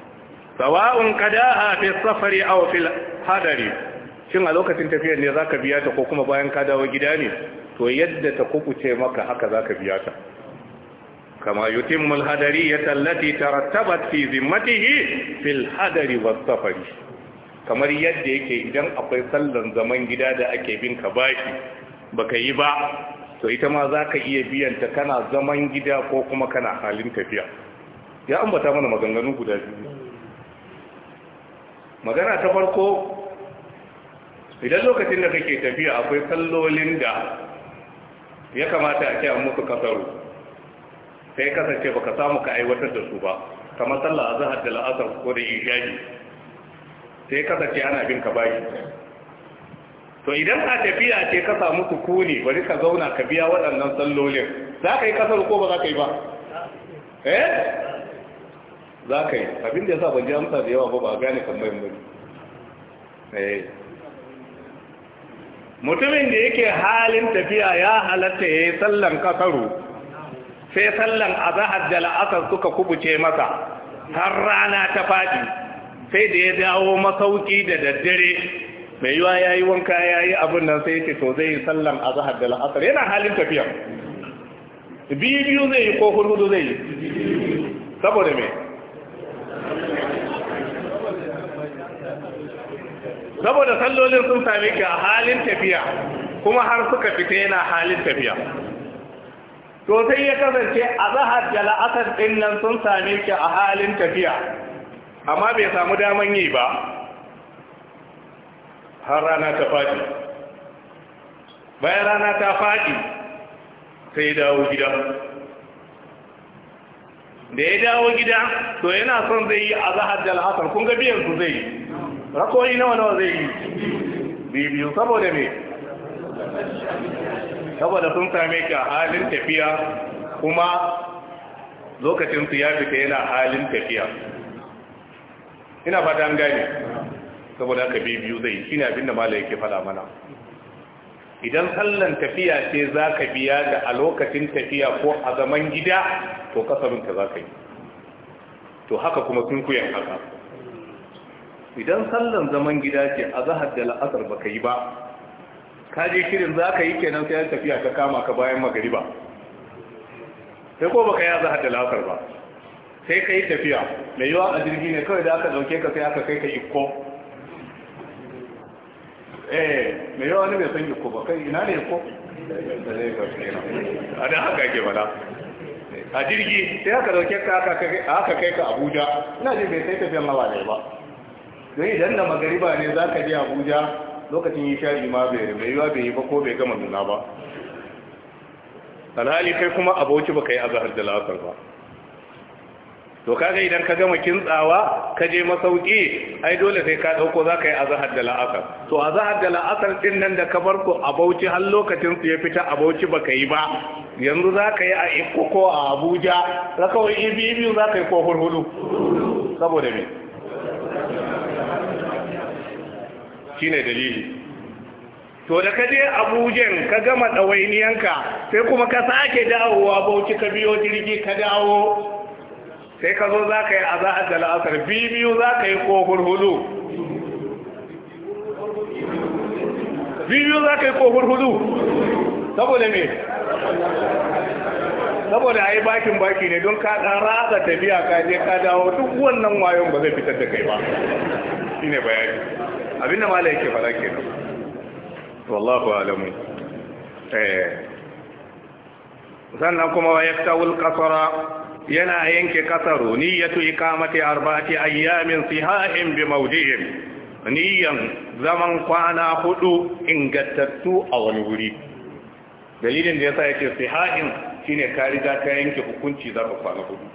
sawa'un qada'a fi safari aw fil hadari shin a lokacin tafiyar ne zaka biya ta ko kuma bayan ka dawo gida ne to yadda ta kukuce maka haka zaka biya ta kama yutimmu al hadariyata allati tarattabat fi zimmatihi fil hadari was safari kamar yadda yake idan akwai sallan zaman gida da ake bin ka bashi baka yi ba to ita ma zaka iya biyan ta kana zaman gida ko kuma kana halin tafiya ya ambata mana maganganu guda biyu magana ta farko idan lokacin da kake tafiya akwai sallolin da ya kamata a ce an musu kasaru sai kasance ba ka samu ka aiwatar da su ba kamar sallah zahar da la'asar ko da ishaji sai kasance ana bin ka bayi to idan a tafiya ce ka samu kuni bari ka zauna ka biya waɗannan sallolin za ka yi kasar ko ba za ka yi ba eh za ka yi abin da ya sa ban ji amsa da yawa ba ba gane tambayin ba eh. mutumin da yake halin tafiya ya halatta ya yi sallan kasaru sai sallan zahar da la'asar suka kubuce masa har rana ta faɗi sai da ya dawo masauki da daddare mai yiwa ya yi wanka ya yi abin nan sai yake to zai yi sallan zahar da la'asar yana halin tafiya biyu biyu zai yi ko hudu zai yi saboda mai saboda sallolin sun same ki a halin tafiya kuma har suka fita yana halin tafiya to sai ya kasance a zahar da la'asar ɗin nan sun same ki a halin tafiya amma bai samu daman yi ba har rana ta faɗi bayan rana ta faɗi sai dawo gida da ya dawo gida to yana son zai yi azhar da al'asar kun ga biyan su zai yi rakoyi nawa nawa zai yi biyu saboda me saboda sun same ka halin tafiya kuma lokacin su ya fita yana halin tafiya ina fata an gane saboda haka biyu zai shi ne abinda mala yake fada mana idan sallan tafiya ce za ka biya da a lokacin tafiya ko a zaman gida to kasarunta za ka yi to haka kuma sun kuyan haka idan sallan zaman gida ce a zahar da la'asar ba ka yi ba ka je kirin za ka yi kenan sai tafiya ta kama ka bayan magariba sai ko ba ka yi a zahar da la'asar ba sai ka yi tafiya mai yiwa a jirgi ne kawai da aka dauke ka sai aka kai ka iko eh me yawa ne bai san yako ba kai ina ne ko? da eh, lagos kenan a dan haka ke bala a jirgi sai aka dauke ka aka kai ka abuja ina jin bai sai tafiyan mawa ne ba don idan da magariba ne za ka je abuja lokacin yi shari ma bai bai yiwa bai yi ba ko bai gama nuna ba alhali kai kuma aboki ba ka yi azahar da la'asar ba to kaga idan ka gama kintsawa ka je masauki ai dole sai ka dauko zaka yi azhar da la'asar to azhar da la'asar din nan da ka farko a Bauchi har lokacin su ya fita a Bauchi baka yi ba yanzu zaka yi a Ikko ko a Abuja rakawai ibi ibi zaka yi ko hurhudu saboda me shine dalili to da ka je abujan ka gama dawainiyanka sai kuma ka sake dawowa bauchi ka biyo jirgi ka dawo sai ka zo za ka yi a za'ad da Asar biyu za ka yi ko hurhudu biyu za ka yi ko hurhudu saboda me saboda ai bakin baki ne don ka dan rasa tafiya ka je ka dawo duk wannan wayon ba zai fitar da kai ba shine bayani Abin da mala yake fara kenan wallahu alamu eh sannan kuma ya tawul qasara yana yanke kasaru niyyatu ikamati arba'ati ayyamin sihahin bi mawdi'in niyyan zaman kwana hudu ingantattu a wani wuri dalilin da yasa yake sihahin shine ka riga ka yanke hukunci za ka kwana hudu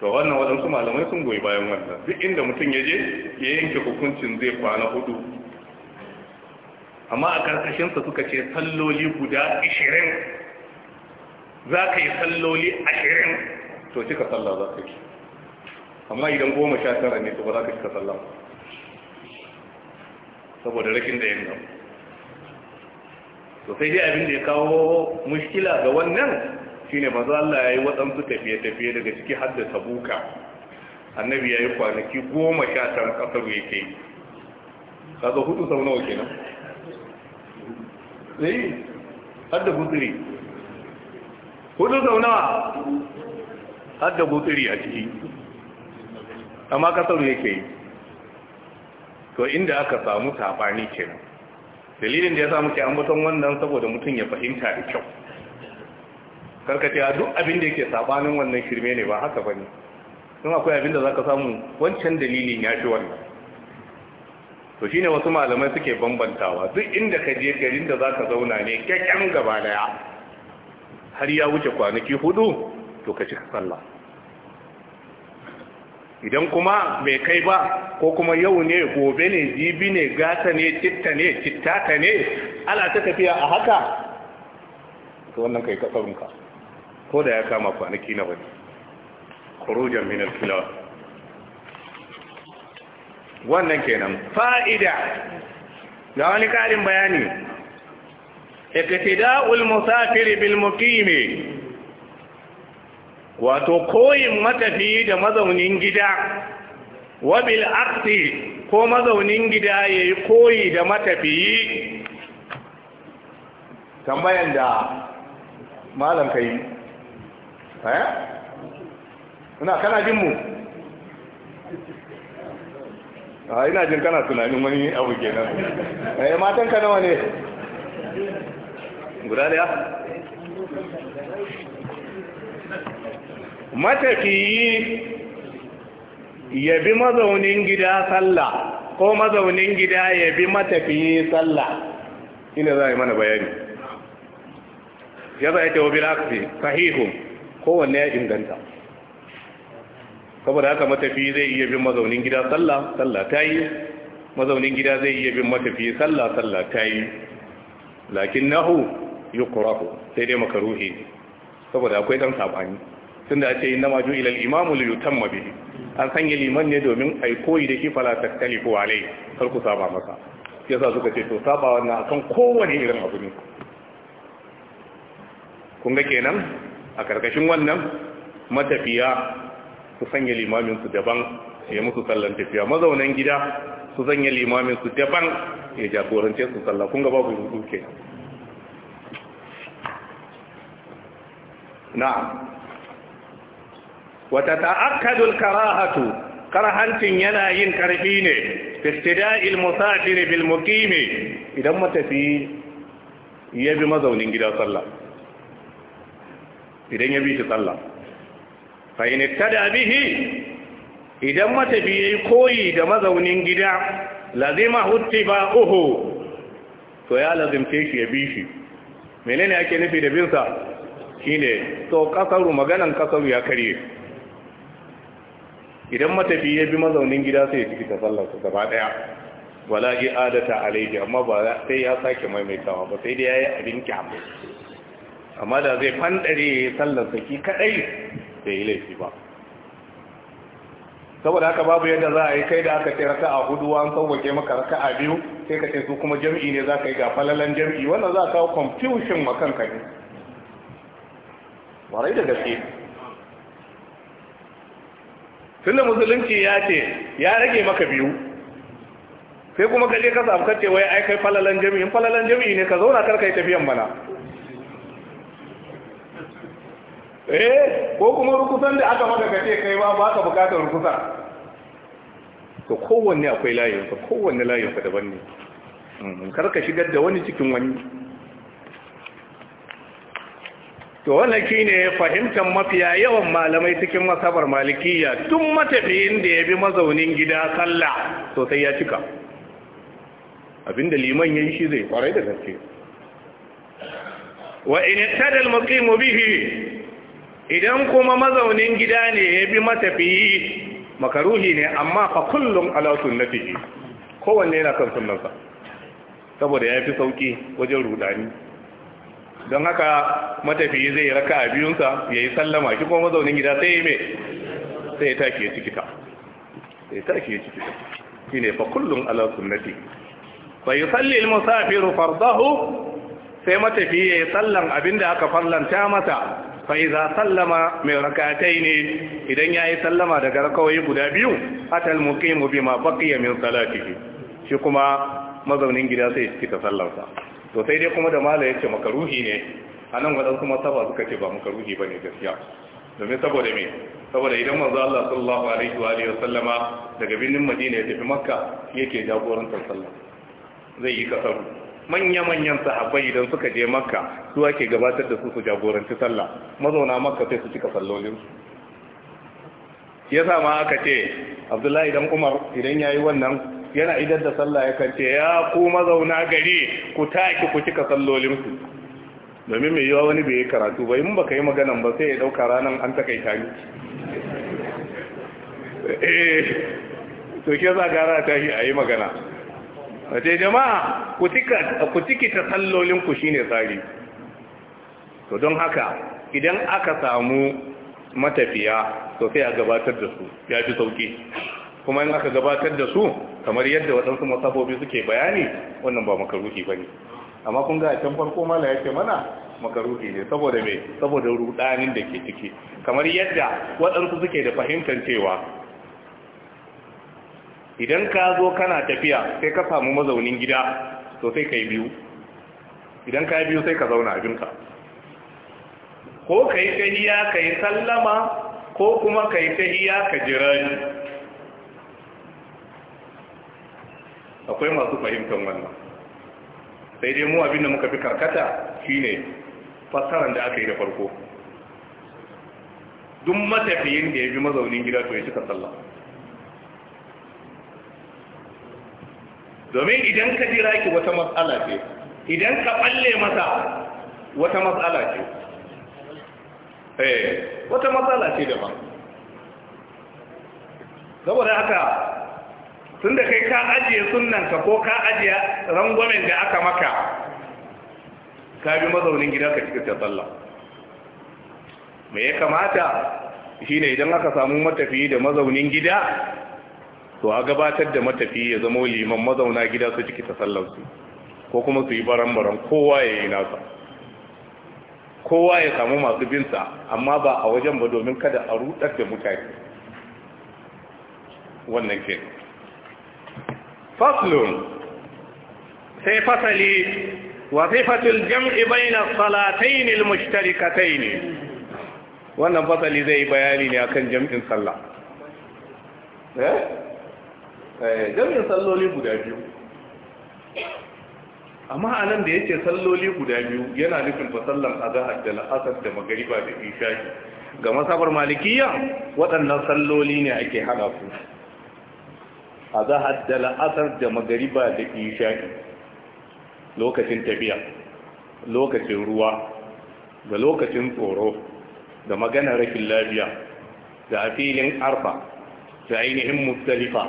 to wannan waɗansu malamai sun goyi bayan wannan duk inda mutum ya je ya yanke hukuncin zai kwana hudu amma a sa suka ce salloli guda ishirin za ka yi salloli ashirin to cika sallah za ka yi amma idan goma sha tara ne to ba za ka cika sallah saboda rikin da yin nan. to sai dai abin da ya kawo mushkila ga wannan shine za Allah yi waɗansu tafiye-tafiye daga ciki har da tabuka annabi yi kwanaki goma ƙasar ke yi Ka zo hudu sau nawa kenan eh har da ne hudu zaunawa har da gutsiri a ciki amma kasar yake yi to inda aka samu sabani nan dalilin da ya samu ke ambaton wannan saboda mutum ya fahimta da kyau karkace a duk abin da yake sabanin wannan shirme ne ba haka bane sun akwai abin da ka samu wancan dalilin ya fi wannan to shine wasu malamai suke bambantawa duk inda ka je garin da za ka zauna ne kyakkyan gaba daya har ya wuce kwanaki hudu to ka cika sallah idan kuma bai kai ba ko kuma yau ne gobe ne jibi ne gata ne citta ne citta ka ne ala ta tafiya a haka to wannan kai kasarunka ko da ya kama kwanaki na wani kurujan minar filawa wannan kenan fa'ida ga wani ƙarin bayani iktida'ul musafir bil muqimi wato koyin matafi da mazaunin gida wa bil aqti ko mazaunin gida yayi koyi da matafiyi tambayan da malam kai eh ina kana jin mu ah, ina jin kana tunanin wani abu kenan eh matan ka nawa ne guda daya matafiyi ya bi mazaunin gida sallah ko mazaunin gida ya bi matafiyi sallah ina za a yi mana bayani ya za a yi ta wabi lafi sahihun kowanne ya inganta saboda haka matafiyi zai iya bin mazaunin gida sallah sallah ta yi mazaunin gida zai iya bin matafiyi sallah sallah ta yi lakin nahu yukrahu sai dai makaruhi saboda akwai dan sabani tunda ace inna ma ju'ila al-imamu li yutamma bihi an sanya liman ne domin ai koyi da shi fala taktalifu alai kar ku saba masa yasa suka ce to saba wannan akan kowane irin abu ne kun ga kenan a karkashin wannan matafiya su sanya limamin su daban ya musu sallan tafiya mazaunan gida su sanya limamin su daban ya jagorance su sallah kun ga babu yin duke na'am wata ta'akkadul karahatu karhancin yana yin karfi ne fistida'il musafiri bil muqimi idan matafi ya bi mazaunin gida sallah idan ya bi sallah fa in tada bihi idan matafi yayi koyi da mazaunin gida lazima uhu to ya lazimce shi ya bi shi menene ake nufi da bin shine to kasaru maganan kasaru ya karye idan matafi ya bi mazaunin gida sai ya ciki ta sallar su gaba daya wala adata alayhi amma ba sai ya sake maimaitawa ba sai dai yayi abin kyamu amma da zai fandare sallar saki kadai bai laifi ba saboda haka babu yadda za a yi kai da aka ce raka a hudu an sauwake maka raka a biyu sai ka ce su kuma jam'i ne za ka yi ga falalan jam'i wannan za ka kawo confusion ma kanka kwarai da gaske tunda musulunci ya ce ya rage maka biyu sai kuma gaje ka samu kace wai ai kai falalan jami'in falalan jami'i ne ka zauna kar kai tafiyan mana eh ko kuma rukusan da aka maka kace kai ba ba ka bukatar rukusa to kowanne akwai layinsa kowanne layinsa daban ne mm, kar ka shigar da wani cikin wani to wannan ne fahimtar mafiya yawan malamai cikin masabar malikiya tun matafiyin da ya bi mazaunin gida sallah to sai ya cika abinda liman ya yi shi zai kwarai da gaske wa in tada al-muqimu bihi idan kuma mazaunin gida ne ya bi matafiyi makaruhi ne amma fa kullum ala sunnatihi kowanne yana kan sunnarsa saboda ya fi sauki wajen rudani don haka matafiyi zai raka a biyunsa ya yi sallama shi kuma mazaunin gida sai ya mai sai ya tafi ya cikita sai ya tafi ya cikita shi ne fa kullum ala sunnati fa yi salli musafiru fardahu sai matafiyi ya yi sallan abin da aka farlanta mata fa za sallama mai rakatai ne idan ya yi sallama daga rakawai guda biyu mu bi bima bakiya min salatihi shi kuma mazaunin gida sai ya cikita sallarsa to sai dai kuma da mala ya ce makaruhi ne a nan waɗansu masaba suka ce ba makaruhi ba ne gaskiya domin saboda me saboda idan manzo Allah sallallahu alaihi wa alihi wasallama daga birnin Madina ya tafi Makka yake jagorantar sallah zai yi kasar manya-manyan sahabbai idan suka je Makka su ake gabatar da su su jagoranci sallah mazauna Makka sai su cika sallolin ya sa ma aka ce Abdullahi dan Umar idan yayi wannan yana idan da sallah ya kance ya ku mazauna gari ku taki ku cika sallolinku domin mai yawa wani bai karatu ba in baka yi maganan ba sai ya dauka ranar an takaita ni (laughs) eh, to ke za gara ta shi a yi magana a ce jama'a ku ciki ta ku shine tsari to don haka idan aka samu matafiya to sai a gabatar da su ya fi sauki kuma in aka gabatar da su kamar yadda waɗansu masabobi suke bayani wannan ba makaruhi ba ne amma kun ga can farko mala yake mana makaruhi ne saboda me saboda rudanin da ke ciki kamar yadda waɗansu suke da fahimtar cewa idan ka zo kana tafiya sai ka samu mazaunin gida to sai ka yi biyu idan ka yi biyu sai ka zauna abinka ko ka yi tahiya ka yi sallama ko kuma ka yi tahiya ka jira akwai masu fahimtar wannan sai dai mu abinda muka fi karkata shine fassarar da aka yi da farko duk matafiyin da ya bi mazaunin gida to ya cika sallah domin idan ka jira ki wata matsala ce idan ka balle masa wata matsala ce eh wata matsala ce daban saboda haka tun da kai ka ajiye sunanka ko ka ajiye rangwamen da aka maka ka bi mazaunin gida ka cikin sallah me ya kamata shi ne idan aka samu matafiyi da mazaunin gida to a gabatar da matafiyi ya zama liman mazauna gida su ciki su, ko kuma su yi baran-baran kowa ya yi nasa kowa ya samu masu binsa amma ba a wajen ba domin kada a rudar da mutane wannan kenan faslun sai fasali wa sifatul jam'i bayna salatayn al-mushtarikatayn wannan fasali zai bayani ne akan jam'in sallah eh jam'in salloli guda biyu amma anan da yake salloli guda biyu yana nufin fa sallan azhar da la'asar da magariba da isha'i ga masabar malikiya waɗannan salloli ne ake hada su a zahar da la'asar da magariba da isha'i lokacin tafiya lokacin ruwa da lokacin tsoro da magana rashin lafiya da a filin arfa da ainihin mustalifa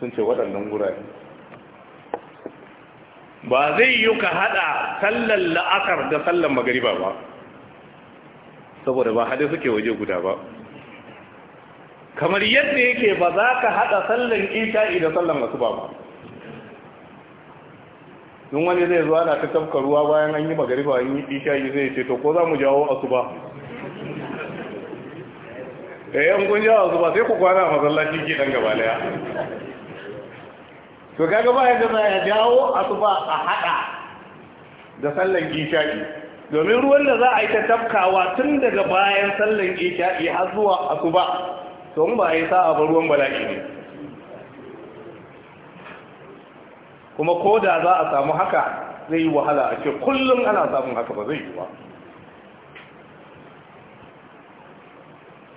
sun ce waɗannan wurare ba zai yi ka haɗa sallar la'asar da sallar magariba ba saboda ba haɗe suke waje guda ba kamar yadda yake ba za ka haɗa sallan isha'i da sallan asuba ba in wani zai zuwa na ta tafka ruwa bayan an yi magari ba yi isha'i zai ce to ko za mu jawo asuba da eh, yan kun jawo ba sai ku kwana a masallaci ke ɗan gaba daya to kaga ba yadda za ya jawo asuba a haɗa da sallan isha'i domin ruwan da za a yi ta tafkawa tun daga bayan sallan isha'i har zuwa asuba to ba a yi sa'a ba ruwan bala'i ne kuma ko da za a samu haka zai yi wahala a ce kullum ana samun haka ba zai yi ba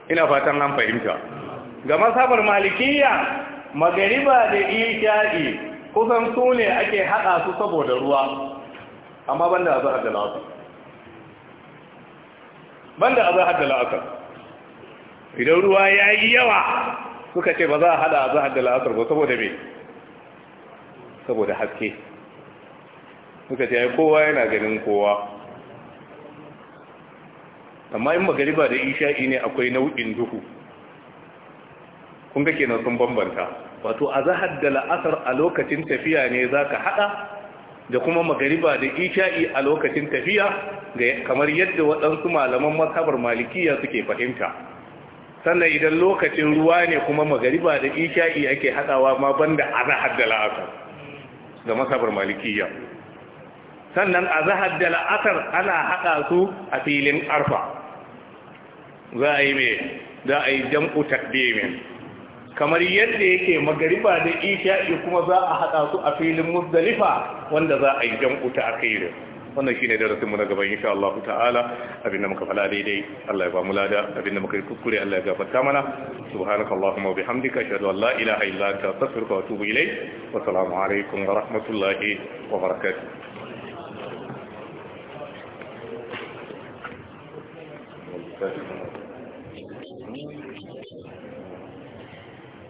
ina fatan an fahimta ga masabar malikiya magariba da isha'i kusan su ne ake haɗa su saboda ruwa amma banda a zahar da banda a zahar da la'asar idan ruwa ya yi yawa suka ce ba za a hada a zahar da la'asar ba saboda me saboda haske suka ce kowa yana ganin kowa amma in magariba da isha'i ne akwai nau'in duhu kun ke kenan sun bambanta wato a zahar da la'asar a lokacin tafiya ne za ka haɗa da kuma magariba da isha'i a lokacin tafiya kamar yadda waɗansu malaman masabar malikiya suke fahimta sannan idan lokacin ruwa ne kuma magariba da isha'i ake hadawa ma banda azahar da la'asar ga masabar malikiyya sannan azahar da la'asar ana hada su a filin arfa za a yi mai za a yi jam'u takdimin kamar yadda yake magariba da isha'i kuma za a hada su a filin muzdalifa wanda za a yi jam'u ta akirin wannan shine darasin mu na gaba insha Allah ta'ala abinda muka fada daidai Allah ya ba mu lada abinda muka yi kuskure Allah ya gafarta mana subhanakallahumma wa bihamdika ashhadu an la ilaha illa anta astaghfiruka wa atubu ilayk wa assalamu alaikum wa rahmatullahi wa barakatuh Thank you.